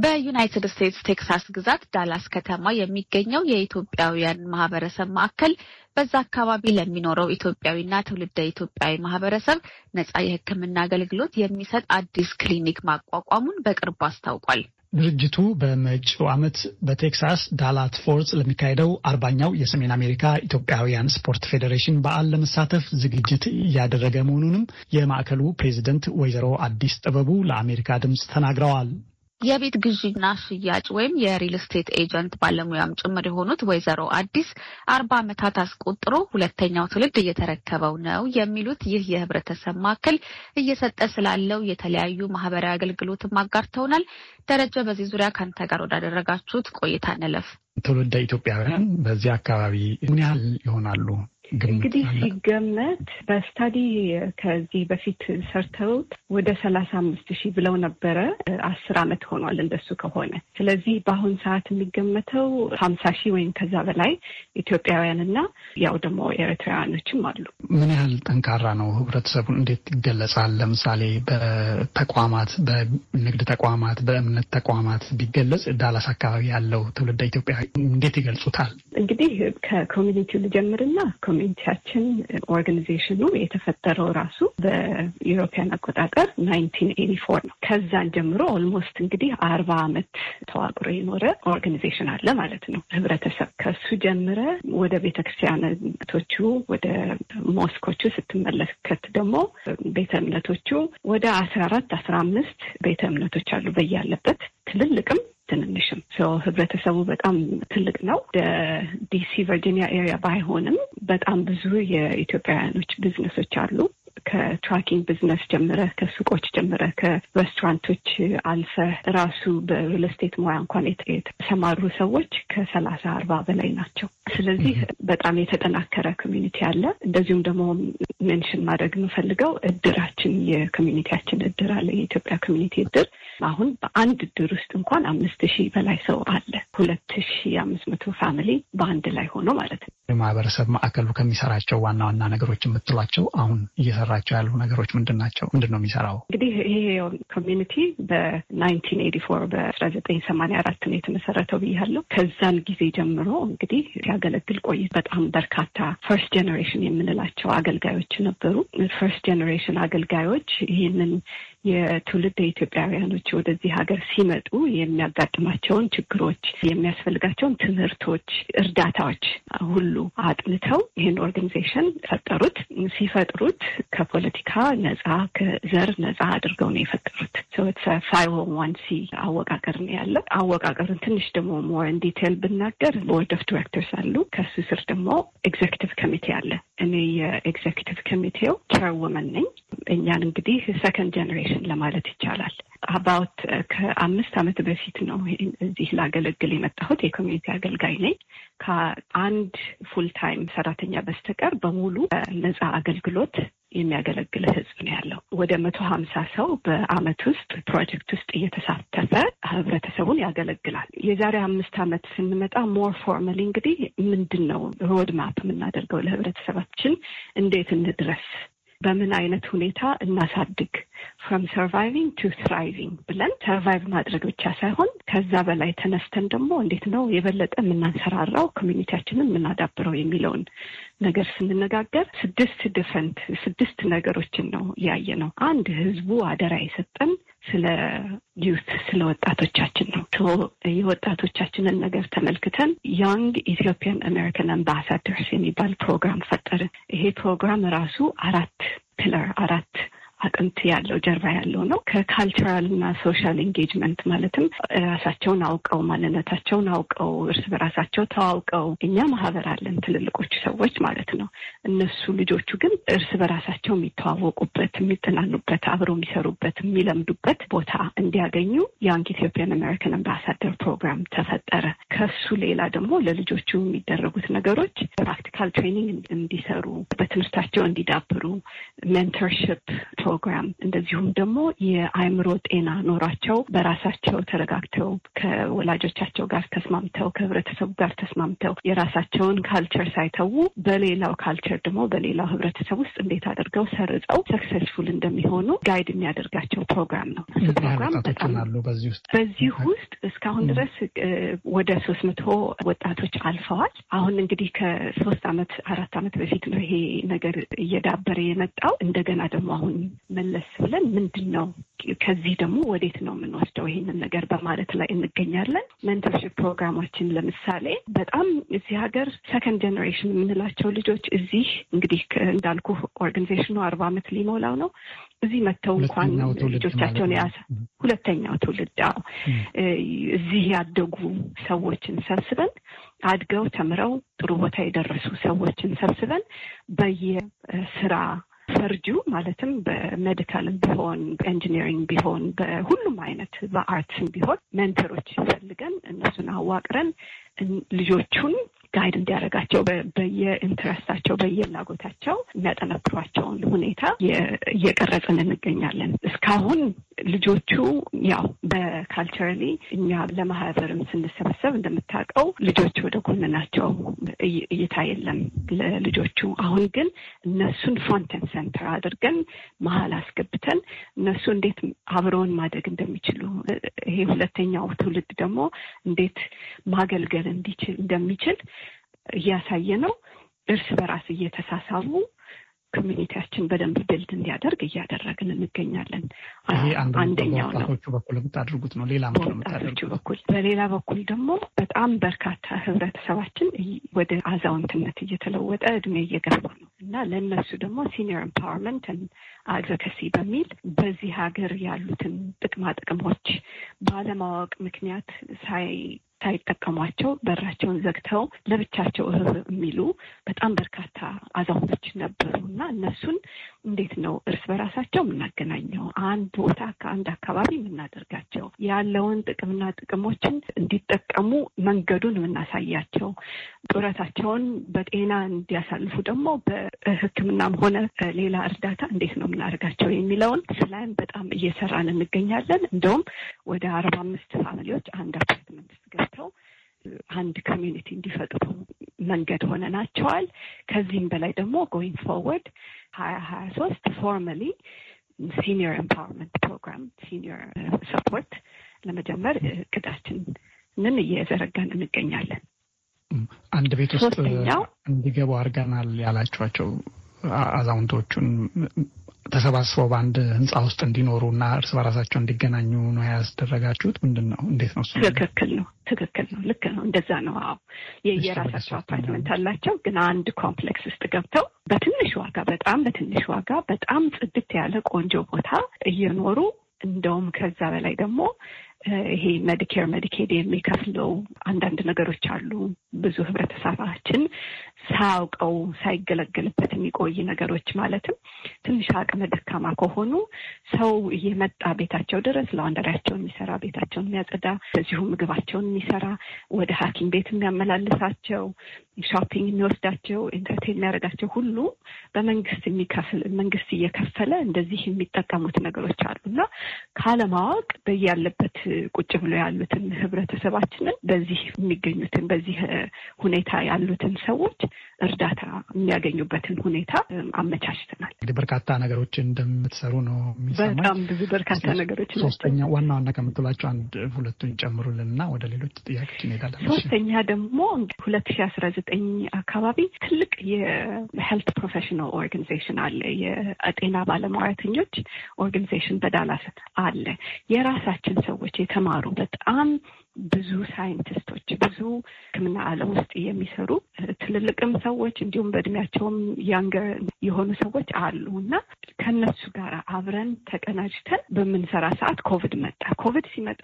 በዩናይትድ ስቴትስ ቴክሳስ ግዛት ዳላስ ከተማ የሚገኘው የኢትዮጵያውያን ማህበረሰብ ማዕከል በዛ አካባቢ ለሚኖረው ኢትዮጵያዊና ትውልደ ኢትዮጵያዊ ማህበረሰብ ነጻ የሕክምና አገልግሎት የሚሰጥ አዲስ ክሊኒክ ማቋቋሙን በቅርቡ አስታውቋል። ድርጅቱ በመጪው ዓመት በቴክሳስ ዳላት ፎርት ለሚካሄደው አርባኛው የሰሜን አሜሪካ ኢትዮጵያውያን ስፖርት ፌዴሬሽን በዓል ለመሳተፍ ዝግጅት እያደረገ መሆኑንም የማዕከሉ ፕሬዚደንት ወይዘሮ አዲስ ጥበቡ ለአሜሪካ ድምፅ ተናግረዋል። የቤት ግዢና ሽያጭ ወይም የሪል ስቴት ኤጀንት ባለሙያም ጭምር የሆኑት ወይዘሮ አዲስ አርባ ዓመታት አስቆጥሮ ሁለተኛው ትውልድ እየተረከበው ነው የሚሉት ይህ የህብረተሰብ ማዕከል እየሰጠ ስላለው የተለያዩ ማህበራዊ አገልግሎትም አጋርተውናል። ደረጀ፣ በዚህ ዙሪያ ከአንተ ጋር ወዳደረጋችሁት ቆይታ እንለፍ። ትውልደ ኢትዮጵያውያን በዚህ አካባቢ ምን ያህል ይሆናሉ? እንግዲህ ሲገመት በስታዲ ከዚህ በፊት ሰርተውት ወደ ሰላሳ አምስት ሺህ ብለው ነበረ። አስር አመት ሆኗል እንደሱ ከሆነ ስለዚህ በአሁን ሰዓት የሚገመተው ሀምሳ ሺህ ወይም ከዛ በላይ ኢትዮጵያውያንና ያው ደግሞ ኤርትራውያኖችም አሉ። ምን ያህል ጠንካራ ነው ህብረተሰቡን እንዴት ይገለጻል? ለምሳሌ በተቋማት በንግድ ተቋማት፣ በእምነት ተቋማት ቢገለጽ ዳላስ አካባቢ ያለው ትውልደ ኢትዮጵያ እንዴት ይገልጹታል? እንግዲህ ከኮሚኒቲው ልጀምርና ኮሚኒቲያችን ኦርጋኒዜሽኑ የተፈጠረው ራሱ በዩሮፒያን አቆጣጠር ናይንቲን ኤቲ ፎር ነው። ከዛን ጀምሮ ኦልሞስት እንግዲህ አርባ አመት ተዋቅሮ የኖረ ኦርጋኒዜሽን አለ ማለት ነው። ህብረተሰብ ከሱ ጀምረ ወደ ቤተክርስቲያናቶቹ ወደ ሞስኮቹ ስትመለከት ደግሞ ቤተ እምነቶቹ ወደ አስራ አራት አስራ አምስት ቤተ እምነቶች አሉ በያለበት ትልልቅም ትንንሽም ህብረተሰቡ በጣም ትልቅ ነው። ዲሲ ቨርጂኒያ ኤሪያ ባይሆንም በጣም ብዙ የኢትዮጵያውያኖች ቢዝነሶች አሉ። ከትራኪንግ ቢዝነስ ጀምረ ከሱቆች ጀምረ ከሬስቶራንቶች አልፈ ራሱ በሪል ስቴት ሙያ እንኳን የተሰማሩ ሰዎች ከሰላሳ አርባ በላይ ናቸው። ስለዚህ በጣም የተጠናከረ ኮሚኒቲ አለ። እንደዚሁም ደግሞ ሜንሽን ማድረግ የምፈልገው እድራችን የኮሚኒቲያችን እድር አለ። የኢትዮጵያ ኮሚኒቲ እድር አሁን በአንድ እድር ውስጥ እንኳን አምስት ሺህ በላይ ሰው አለ። ሁለት ሺህ አምስት መቶ ፋሚሊ በአንድ ላይ ሆኖ ማለት ነው። የማህበረሰብ ማዕከሉ ከሚሰራቸው ዋና ዋና ነገሮች የምትሏቸው አሁን እየሰራቸው ያሉ ነገሮች ምንድን ናቸው? ምንድን ነው የሚሰራው? እንግዲህ ይሄ ኮሚዩኒቲ በናይንቲን 1984 ፎር በአስራ ዘጠኝ አራት ነው የተመሰረተው ብያለሁ። ከዛን ጊዜ ጀምሮ እንግዲህ ሲያገለግል ቆይ በጣም በርካታ ፈርስት ጀኔሬሽን የምንላቸው አገልጋዮች ነበሩ። ፈርስት ጀኔሬሽን አገልጋዮች ይህንን የትውልድ ኢትዮጵያውያኖች ወደዚህ ሀገር ሲመጡ የሚያጋጥማቸውን ችግሮች፣ የሚያስፈልጋቸውን ትምህርቶች፣ እርዳታዎች ሁሉ አጥንተው ይህን ኦርጋኒዜሽን ፈጠሩት። ሲፈጥሩት ከፖለቲካ ነጻ፣ ከዘር ነጻ አድርገው ነው የፈጠሩት። ፋይቭ ዋን ሲ አወቃቀር ነው ያለው። አወቃቀሩን ትንሽ ደግሞ ሞር ዲቴል ብናገር ቦርድ ኦፍ ዲሬክተርስ አሉ። ከሱ ስር ደግሞ ኤግዜክቲቭ ኮሚቴ አለ። እኔ የኤግዜክቲቭ ኮሚቴው ቸርወመን ነኝ። እኛን እንግዲህ ሰከንድ ጀኔሬሽን ለማለት ይቻላል። አባውት ከአምስት ዓመት በፊት ነው እዚህ ላገለግል የመጣሁት። የኮሚኒቲ አገልጋይ ነኝ። ከአንድ ፉል ታይም ሰራተኛ በስተቀር በሙሉ ነፃ አገልግሎት የሚያገለግል ህዝብ ነው ያለው። ወደ መቶ ሀምሳ ሰው በአመት ውስጥ ፕሮጀክት ውስጥ እየተሳተፈ ህብረተሰቡን ያገለግላል። የዛሬ አምስት አመት ስንመጣ ሞር ፎርማሊ እንግዲህ ምንድን ነው ሮድ ማፕ የምናደርገው ለህብረተሰባችን እንዴት እንድረስ በምን አይነት ሁኔታ እናሳድግ ፍሮም ሰርቫይቪንግ ቱ ትራይቪንግ ብለን ሰርቫይቭ ማድረግ ብቻ ሳይሆን ከዛ በላይ ተነስተን ደግሞ እንዴት ነው የበለጠ የምናንሰራራው ኮሚኒቲያችንን የምናዳብረው የሚለውን ነገር ስንነጋገር ስድስት ዲፍረንት ስድስት ነገሮችን ነው ያየ ነው። አንድ ህዝቡ አደራ የሰጠን ስለ ዩት ስለ ወጣቶቻችን ነው። የወጣቶቻችንን ነገር ተመልክተን ያንግ ኢትዮጵያን አሜሪካን አምባሳደርስ የሚባል ፕሮግራም ፈጠርን። ይሄ ፕሮግራም ራሱ አራት ፒለር አራት አጥንት ያለው ጀርባ ያለው ነው። ከካልቸራል እና ሶሻል ኢንጌጅመንት ማለትም ራሳቸውን አውቀው ማንነታቸውን አውቀው እርስ በራሳቸው ተዋውቀው እኛ ማህበር አለን ትልልቆቹ ሰዎች ማለት ነው። እነሱ ልጆቹ ግን እርስ በራሳቸው የሚተዋወቁበት፣ የሚጠናኑበት፣ አብረው የሚሰሩበት፣ የሚለምዱበት ቦታ እንዲያገኙ ያንግ ኢትዮጵያን አሜሪካን አምባሳደር ፕሮግራም ተፈጠረ። ከሱ ሌላ ደግሞ ለልጆቹ የሚደረጉት ነገሮች ፕራክቲካል ትሬኒንግ እንዲሰሩ፣ በትምህርታቸው እንዲዳብሩ ሜንተርሽፕ ፕሮግራም እንደዚሁም ደግሞ የአእምሮ ጤና ኖሯቸው በራሳቸው ተረጋግተው ከወላጆቻቸው ጋር ተስማምተው ከህብረተሰቡ ጋር ተስማምተው የራሳቸውን ካልቸር ሳይተዉ በሌላው ካልቸር ደግሞ በሌላው ህብረተሰብ ውስጥ እንዴት አድርገው ሰርጸው ሰክሰስፉል እንደሚሆኑ ጋይድ የሚያደርጋቸው ፕሮግራም ነው። ፕሮግራም በጣም በዚህ ውስጥ እስካሁን ድረስ ወደ ሶስት መቶ ወጣቶች አልፈዋል። አሁን እንግዲህ ከሶስት አመት አራት አመት በፊት ነው ይሄ ነገር እየዳበረ የመጣው። እንደገና ደግሞ አሁን መለስ ብለን ምንድን ነው ከዚህ ደግሞ ወዴት ነው የምንወስደው ይሄንን ነገር በማለት ላይ እንገኛለን። ሜንቶርሽፕ ፕሮግራማችን ለምሳሌ በጣም እዚህ ሀገር ሰከንድ ጀኔሬሽን የምንላቸው ልጆች እዚህ እንግዲህ እንዳልኩ ኦርጋኒዜሽኑ አርባ ዓመት ሊሞላው ነው። እዚህ መጥተው እንኳን ልጆቻቸውን የያዘ ሁለተኛው ትውልድ እዚህ ያደጉ ሰዎችን ሰብስበን አድገው ተምረው ጥሩ ቦታ የደረሱ ሰዎችን ሰብስበን በየስራ ፈርጁ ማለትም በሜዲካልም ቢሆን በኢንጂኒሪንግ ቢሆን በሁሉም አይነት በአርትስም ቢሆን መንተሮች ፈልገን እነሱን አዋቅረን ልጆቹን ጋይድ እንዲያደርጋቸው በየኢንትረስታቸው በየፍላጎታቸው የሚያጠነክሯቸውን ሁኔታ እየቀረጽን እንገኛለን። እስካሁን ልጆቹ ያው በካልቸራሊ እኛ ለማህበርም ስንሰበሰብ እንደምታውቀው ልጆቹ ወደ ጎን ናቸው፣ እይታ የለም ለልጆቹ። አሁን ግን እነሱን ፍሮንትን ሰንተር አድርገን መሀል አስገብተን እነሱ እንዴት አብረውን ማደግ እንደሚችሉ ይሄ ሁለተኛው ትውልድ ደግሞ እንዴት ማገልገል እንደሚችል እያሳየ ነው። እርስ በራስ እየተሳሳቡ ኮሚኒቲያችን በደንብ ቢልድ እንዲያደርግ እያደረግን እንገኛለን። አንደኛው ነው በኩል የምታደርጉት ነው። ሌላ በኩል በሌላ በኩል ደግሞ በጣም በርካታ ህብረተሰባችን ወደ አዛውንትነት እየተለወጠ እድሜ እየገፋ ነው እና ለእነሱ ደግሞ ሲኒየር ኤምፓወርመንት አድቮኬሲ በሚል በዚህ ሀገር ያሉትን ጥቅማ ጥቅሞች ባለማወቅ ምክንያት ሳይ ሳይጠቀሟቸው በራቸውን ዘግተው ለብቻቸው እህ የሚሉ በጣም በርካታ አዛውንቶች ነበሩ እና እነሱን እንዴት ነው እርስ በራሳቸው የምናገናኘው አንድ ቦታ ከአንድ አካባቢ የምናደርጋቸው ያለውን ጥቅምና ጥቅሞችን እንዲጠቀሙ መንገዱን የምናሳያቸው ጡረታቸውን በጤና እንዲያሳልፉ ደግሞ በሕክምናም ሆነ ሌላ እርዳታ እንዴት ነው የምናደርጋቸው የሚለውን ስላይም በጣም እየሰራን እንገኛለን። እንደውም ወደ አርባ አምስት ፋሚሊዎች አንድ አፓርትመንት ገብተው አንድ ኮሚዩኒቲ እንዲፈጥሩ መንገድ ሆነናቸዋል። ከዚህም በላይ ደግሞ ጎይንግ ፎርወርድ ሀያ ሀያ ሶስት ፎርማሊ ሲኒየር ኤምፓወርመንት ፕሮግራም ሲኒየር ሰፖርት ለመጀመር እቅዳችንን uh, እየዘረጋን እንገኛለን። አንድ ቤት ውስጥ እንዲገቡ አድርገናል ያላችኋቸው አዛውንቶቹን ተሰባስበው በአንድ ህንፃ ውስጥ እንዲኖሩ እና እርስ በራሳቸው እንዲገናኙ ነው ያስደረጋችሁት? ምንድን ነው? እንዴት ነው? ትክክል ነው። ትክክል ነው። ልክ ነው። እንደዛ ነው። አዎ፣ የየራሳቸው አፓርትመንት አላቸው፣ ግን አንድ ኮምፕሌክስ ውስጥ ገብተው በትንሽ ዋጋ፣ በጣም በትንሽ ዋጋ፣ በጣም ጽድት ያለ ቆንጆ ቦታ እየኖሩ እንደውም ከዛ በላይ ደግሞ ይሄ ሜዲኬር ሜዲኬድ የሚከፍለው አንዳንድ ነገሮች አሉ። ብዙ ህብረተሰባችን ሳያውቀው ሳይገለገልበት የሚቆይ ነገሮች ማለትም ትንሽ አቅመ ደካማ ከሆኑ ሰው እየመጣ ቤታቸው ድረስ ለዋንደሪያቸውን የሚሰራ ቤታቸውን የሚያጸዳ እዚሁ ምግባቸውን የሚሰራ ወደ ሐኪም ቤት የሚያመላልሳቸው ሾፒንግ የሚወስዳቸው ኢንተርቴን የሚያደርጋቸው ሁሉ በመንግስት የሚከፍል መንግስት እየከፈለ እንደዚህ የሚጠቀሙት ነገሮች አሉ እና ካለማወቅ በያለበት ቁጭ ብሎ ያሉትን ህብረተሰባችንን በዚህ የሚገኙትን በዚህ ሁኔታ ያሉትን ሰዎች እርዳታ የሚያገኙበትን ሁኔታ አመቻችተናል። እንግዲህ በርካታ ነገሮች እንደምትሰሩ ነው የሚሰማኝ። በጣም ብዙ በርካታ ነገሮች ሶስተኛ ዋና ዋና ከምትሏቸው አንድ ሁለቱን ጨምሩልንና ወደ ሌሎች ጥያቄዎች እንሄዳለን። ሶስተኛ ደግሞ ሁለት ሺ አስራ ዘጠኝ አካባቢ ትልቅ የሄልት ፕሮፌሽናል ኦርጋኒዜሽን አለ የጤና ባለሙያተኞች ኦርጋኒዜሽን በዳላስ አለ። የራሳችን ሰዎች የተማሩ በጣም ብዙ ሳይንቲስቶች ብዙ ሕክምና ዓለም ውስጥ የሚሰሩ ትልልቅም ሰዎች እንዲሁም በእድሜያቸውም ያንገር የሆኑ ሰዎች አሉ እና ከነሱ ጋር አብረን ተቀናጅተን በምንሰራ ሰዓት ኮቪድ መጣ። ኮቪድ ሲመጣ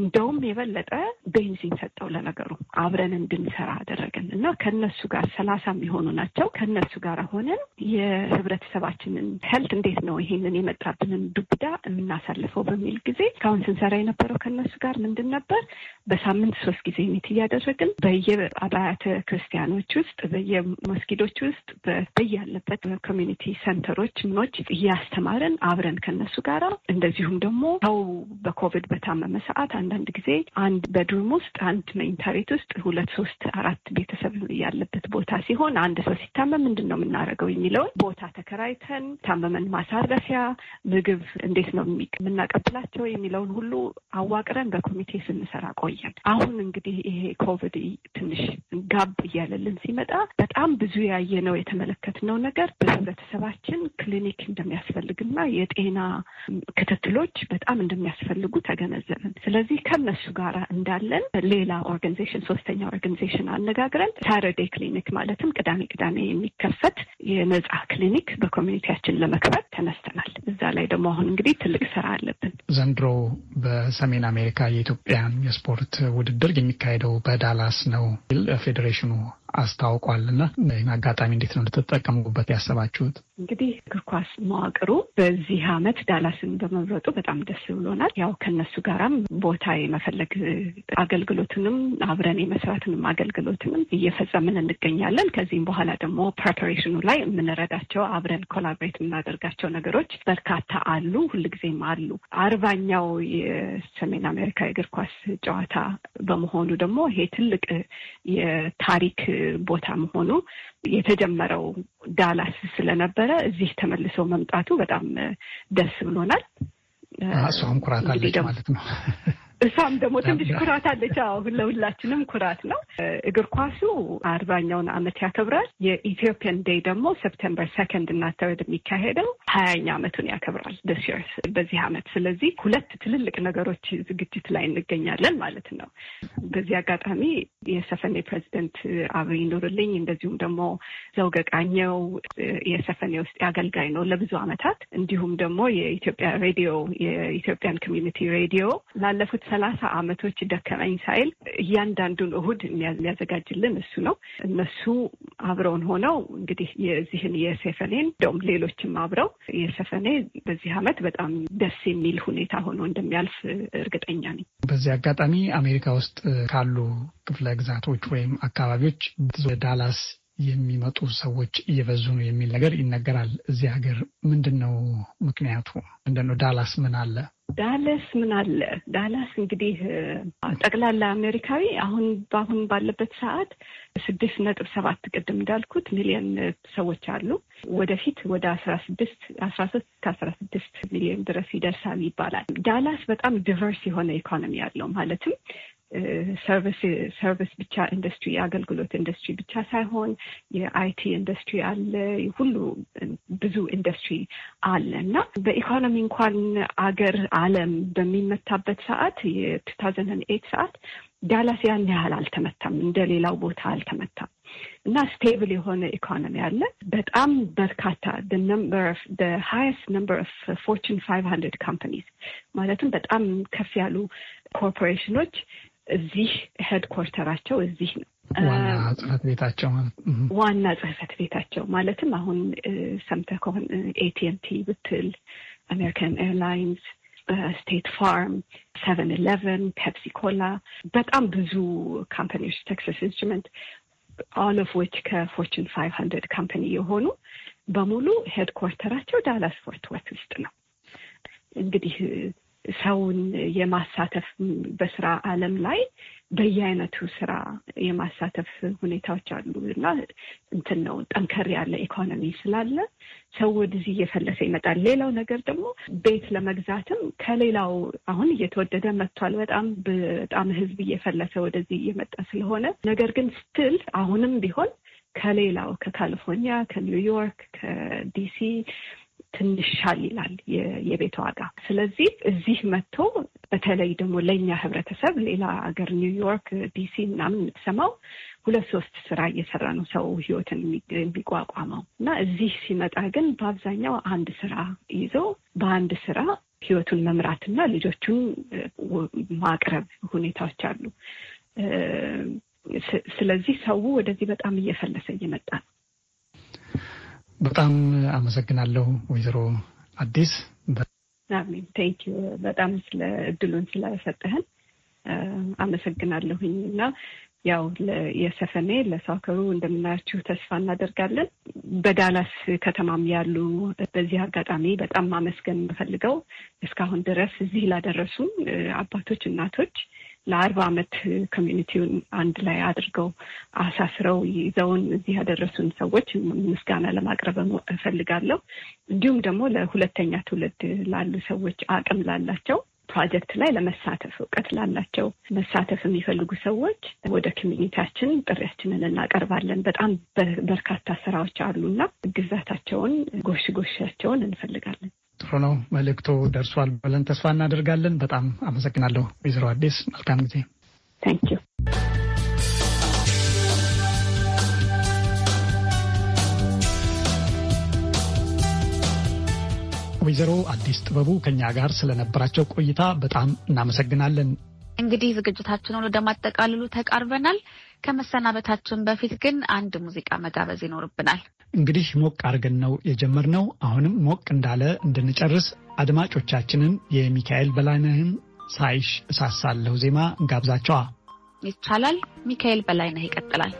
እንደውም የበለጠ ቤንዚን ሰጠው ለነገሩ አብረን እንድንሰራ አደረገን እና ከነሱ ጋር ሰላሳ የሚሆኑ ናቸው። ከነሱ ጋር ሆነን የህብረተሰባችንን ሄልት እንዴት ነው ይሄንን የመጣብንን ዱብዳ የምናሳልፈው በሚል ጊዜ እስካሁን ስንሰራ የነበረው ከነሱ ጋር ምንድን ነበር በሳምንት ሶስት ጊዜ ሚት እያደረግን በየአብያተ ክርስቲያኖች ውስጥ በየመስጊዶች ውስጥ በያለበት ኮሚኒቲ ሰንተሮች ምኖች እያስተማረን አብረን ከነሱ ጋራ እንደዚሁም ደግሞ ሰው በኮቪድ በታመመ ሰዓት አንዳንድ ጊዜ አንድ በድሩም ውስጥ አንድ መኝታ ቤት ውስጥ ሁለት ሶስት አራት ቤተሰብ ያለበት ቦታ ሲሆን አንድ ሰው ሲታመም ምንድን ነው የምናደርገው የሚለውን ቦታ ተከራይተን ታመመን ማሳረፊያ ምግብ እንዴት ነው የምናቀብላቸው የሚለውን ሁሉ አዋቅረን በኮሚቴ ስንሰራ ስንሰራ ቆየን። አሁን እንግዲህ ይሄ ኮቪድ ትንሽ ጋብ እያለልን ሲመጣ በጣም ብዙ ያየነው የተመለከትነው ነገር በህብረተሰባችን ክሊኒክ እንደሚያስፈልግና የጤና ክትትሎች በጣም እንደሚያስፈልጉ ተገነዘብን። ስለዚህ ከነሱ ጋር እንዳለን ሌላ ኦርጋኒዜሽን ሶስተኛ ኦርጋኒዜሽን አነጋግረን ሳተርዴ ክሊኒክ ማለትም ቅዳሜ ቅዳሜ የሚከፈት የነጻ ክሊኒክ በኮሚኒቲያችን ለመክፈት ተነስተናል። እዛ ላይ ደግሞ አሁን እንግዲህ ትልቅ ስራ አለብን። ዘንድሮ በሰሜን አሜሪካ የኢትዮጵያን የስፖርት ውድድር የሚካሄደው በዳላስ ነው ይል ፌዴሬሽኑ አስታውቋልና ይህን አጋጣሚ እንዴት ነው ልትጠቀሙበት ያሰባችሁት? እንግዲህ እግር ኳስ መዋቅሩ በዚህ አመት ዳላስን በመምረጡ በጣም ደስ ብሎናል። ያው ከነሱ ጋራም ቦታ የመፈለግ አገልግሎትንም አብረን የመስራትንም አገልግሎትንም እየፈጸምን እንገኛለን። ከዚህም በኋላ ደግሞ ፕሬፐሬሽኑ ላይ የምንረዳቸው አብረን ኮላብሬት የምናደርጋቸው ነገሮች በርካታ አሉ፣ ሁልጊዜም አሉ። አርባኛው የሰሜን አሜሪካ የእግር ኳስ ጨዋታ በመሆኑ ደግሞ ይሄ ትልቅ የታሪክ ቦታ መሆኑ የተጀመረው ዳላስ ስለነበረ እዚህ ተመልሰው መምጣቱ በጣም ደስ ብሎናል። እሷም አለች ማለት ነው። እሷም ደግሞ ትንሽ ኩራት አለች። አሁን ለሁላችንም ኩራት ነው። እግር ኳሱ አርባኛውን አመት ያከብራል። የኢትዮጵያን ዴይ ደግሞ ሰፕተምበር ሰከንድ እና ተርድ የሚካሄደው ሀያኛ ዓመቱን ያከብራል ደስርስ በዚህ አመት። ስለዚህ ሁለት ትልልቅ ነገሮች ዝግጅት ላይ እንገኛለን ማለት ነው። በዚህ አጋጣሚ የሰፈኔ ፕሬዚደንት አብይ ኑርልኝ፣ እንደዚሁም ደግሞ ዘውገ ቃኘው የሰፈኔ ውስጥ አገልጋይ ነው ለብዙ አመታት እንዲሁም ደግሞ የኢትዮጵያ ሬዲዮ የኢትዮጵያን ኮሚኒቲ ሬዲዮ ላለፉት ሰላሳ አመቶች ደከመኝ ሳይል እያንዳንዱን እሁድ የሚያዘጋጅልን እሱ ነው። እነሱ አብረውን ሆነው እንግዲህ የዚህን የሴፈኔን እንደውም ሌሎችም አብረው የሴፈኔ በዚህ አመት በጣም ደስ የሚል ሁኔታ ሆኖ እንደሚያልፍ እርግጠኛ ነኝ። በዚህ አጋጣሚ አሜሪካ ውስጥ ካሉ ክፍለ ግዛቶች ወይም አካባቢዎች ዳላስ የሚመጡ ሰዎች እየበዙ ነው የሚል ነገር ይነገራል። እዚህ ሀገር ምንድን ነው ምክንያቱ? ምንድን ነው ዳላስ ምን አለ? ዳላስ ምን አለ? ዳላስ እንግዲህ ጠቅላላ አሜሪካዊ አሁን በአሁን ባለበት ሰዓት ስድስት ነጥብ ሰባት ቅድም እንዳልኩት ሚሊዮን ሰዎች አሉ። ወደፊት ወደ አስራ ስድስት አስራ ሶስት ከአስራ ስድስት ሚሊዮን ድረስ ይደርሳል ይባላል። ዳላስ በጣም ዲቨርስ የሆነ ኢኮኖሚ አለው ማለትም ሰርቪስ ብቻ ኢንዱስትሪ የአገልግሎት ኢንዱስትሪ ብቻ ሳይሆን የአይቲ ኢንዱስትሪ አለ፣ ሁሉ ብዙ ኢንዱስትሪ አለ እና በኢኮኖሚ እንኳን አገር አለም በሚመታበት ሰዓት የቱ ታውዘንድ ሰዓት ዳላስ ያን ያህል አልተመታም፣ እንደ ሌላው ቦታ አልተመታም እና ስቴብል የሆነ ኢኮኖሚ አለ። በጣም በርካታ ሃይስት ነምበር ኦፍ ፋ ፋይቭ ካምፓኒስ ማለትም በጣም ከፍ ያሉ ኮርፖሬሽኖች እዚህ ሄድኳርተራቸው እዚህ ነው ዋና ጽህፈት ቤታቸው ዋና ጽህፈት ቤታቸው ማለትም አሁን ሰምተህ ከሆነ ኤቲኤምቲ ብትል አሜሪካን ኤርላይንስ፣ ስቴት ፋርም፣ ሰቨን ኢለቨን፣ ፔፕሲ ኮላ በጣም ብዙ ካምፓኒዎች ቴክሳስ ኢንስትሩመንት ኦል ኦፍ ዊች ከፎርቹን ፋይቭ ሀንድረድ ካምፓኒ የሆኑ በሙሉ ሄድኳርተራቸው ዳላስ ፎርት ወርት ውስጥ ነው። እንግዲህ ሰውን የማሳተፍ በስራ አለም ላይ በየአይነቱ ስራ የማሳተፍ ሁኔታዎች አሉ እና እንትን ነው ጠንከር ያለ ኢኮኖሚ ስላለ ሰው ወደዚህ እየፈለሰ ይመጣል። ሌላው ነገር ደግሞ ቤት ለመግዛትም ከሌላው አሁን እየተወደደ መጥቷል። በጣም በጣም ህዝብ እየፈለሰ ወደዚህ እየመጣ ስለሆነ ነገር ግን ስትል አሁንም ቢሆን ከሌላው ከካሊፎርኒያ፣ ከኒውዮርክ፣ ከዲሲ ትንሻል ይላል የቤት ዋጋ። ስለዚህ እዚህ መጥቶ በተለይ ደግሞ ለእኛ ህብረተሰብ ሌላ ሀገር ኒውዮርክ፣ ዲሲ ምናምን የምትሰማው ሁለት ሶስት ስራ እየሰራ ነው ሰው ህይወትን የሚቋቋመው እና እዚህ ሲመጣ ግን በአብዛኛው አንድ ስራ ይዞ በአንድ ስራ ህይወቱን መምራትና ልጆቹን ማቅረብ ሁኔታዎች አሉ። ስለዚህ ሰው ወደዚህ በጣም እየፈለሰ እየመጣ ነው። በጣም አመሰግናለሁ ወይዘሮ አዲስ። አሜን። በጣም ስለ እድሉን ስለሰጠህን አመሰግናለሁኝ እና ያው የሰፈኔ ለሳከሩ እንደምናያችሁ ተስፋ እናደርጋለን። በዳላስ ከተማም ያሉ በዚህ አጋጣሚ በጣም ማመስገን የምፈልገው እስካሁን ድረስ እዚህ ላደረሱ አባቶች፣ እናቶች ለአርባ ዓመት ኮሚኒቲውን አንድ ላይ አድርገው አሳስረው ይዘውን እዚህ ያደረሱን ሰዎች ምስጋና ለማቅረብ እፈልጋለሁ። እንዲሁም ደግሞ ለሁለተኛ ትውልድ ላሉ ሰዎች አቅም ላላቸው ፕሮጀክት ላይ ለመሳተፍ እውቀት ላላቸው መሳተፍ የሚፈልጉ ሰዎች ወደ ኮሚኒቲያችን ጥሪያችንን እናቀርባለን። በጣም በርካታ ስራዎች አሉና ግዛታቸውን ጎሽ ጎሻቸውን እንፈልጋለን። ጥሩ ነው። መልእክቶ ደርሷል ብለን ተስፋ እናደርጋለን። በጣም አመሰግናለሁ ወይዘሮ አዲስ። መልካም ጊዜ። ወይዘሮ አዲስ ጥበቡ ከኛ ጋር ስለነበራቸው ቆይታ በጣም እናመሰግናለን። እንግዲህ ዝግጅታችንን ወደ ማጠቃልሉ ተቃርበናል። ከመሰናበታችን በፊት ግን አንድ ሙዚቃ መጋበዝ ይኖርብናል። እንግዲህ ሞቅ አድርገን ነው የጀመርነው። አሁንም ሞቅ እንዳለ እንድንጨርስ አድማጮቻችንን የሚካኤል በላይነህን ሳይሽ እሳሳለሁ ዜማ እንጋብዛቸዋ። ይቻላል። ሚካኤል በላይነህ ይቀጥላል።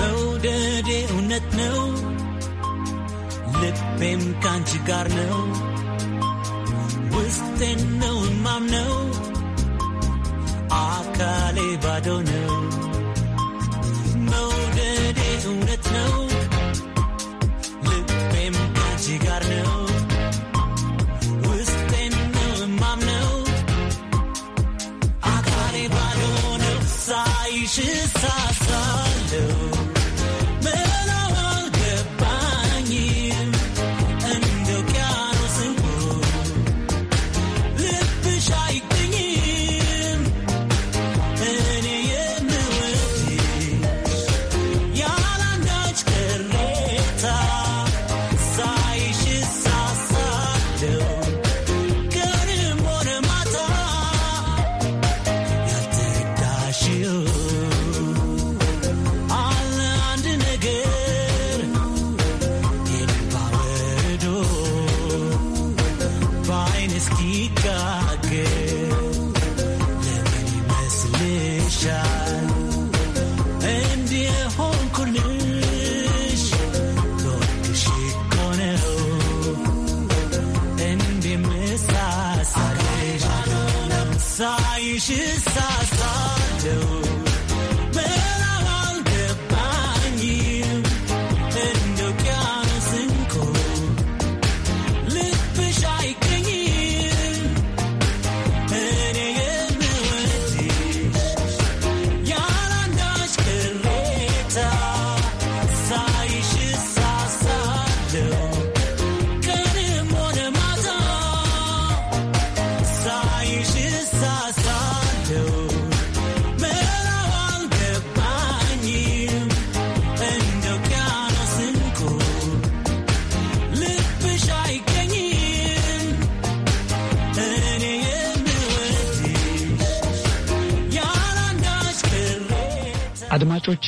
መውደዴ እውነት ነው፣ ልቤም ካንቺ ጋር ነው፣ ውስጤን ነው ማምነው አካሌ ባዶ ነው መውደዴት እውነት ነው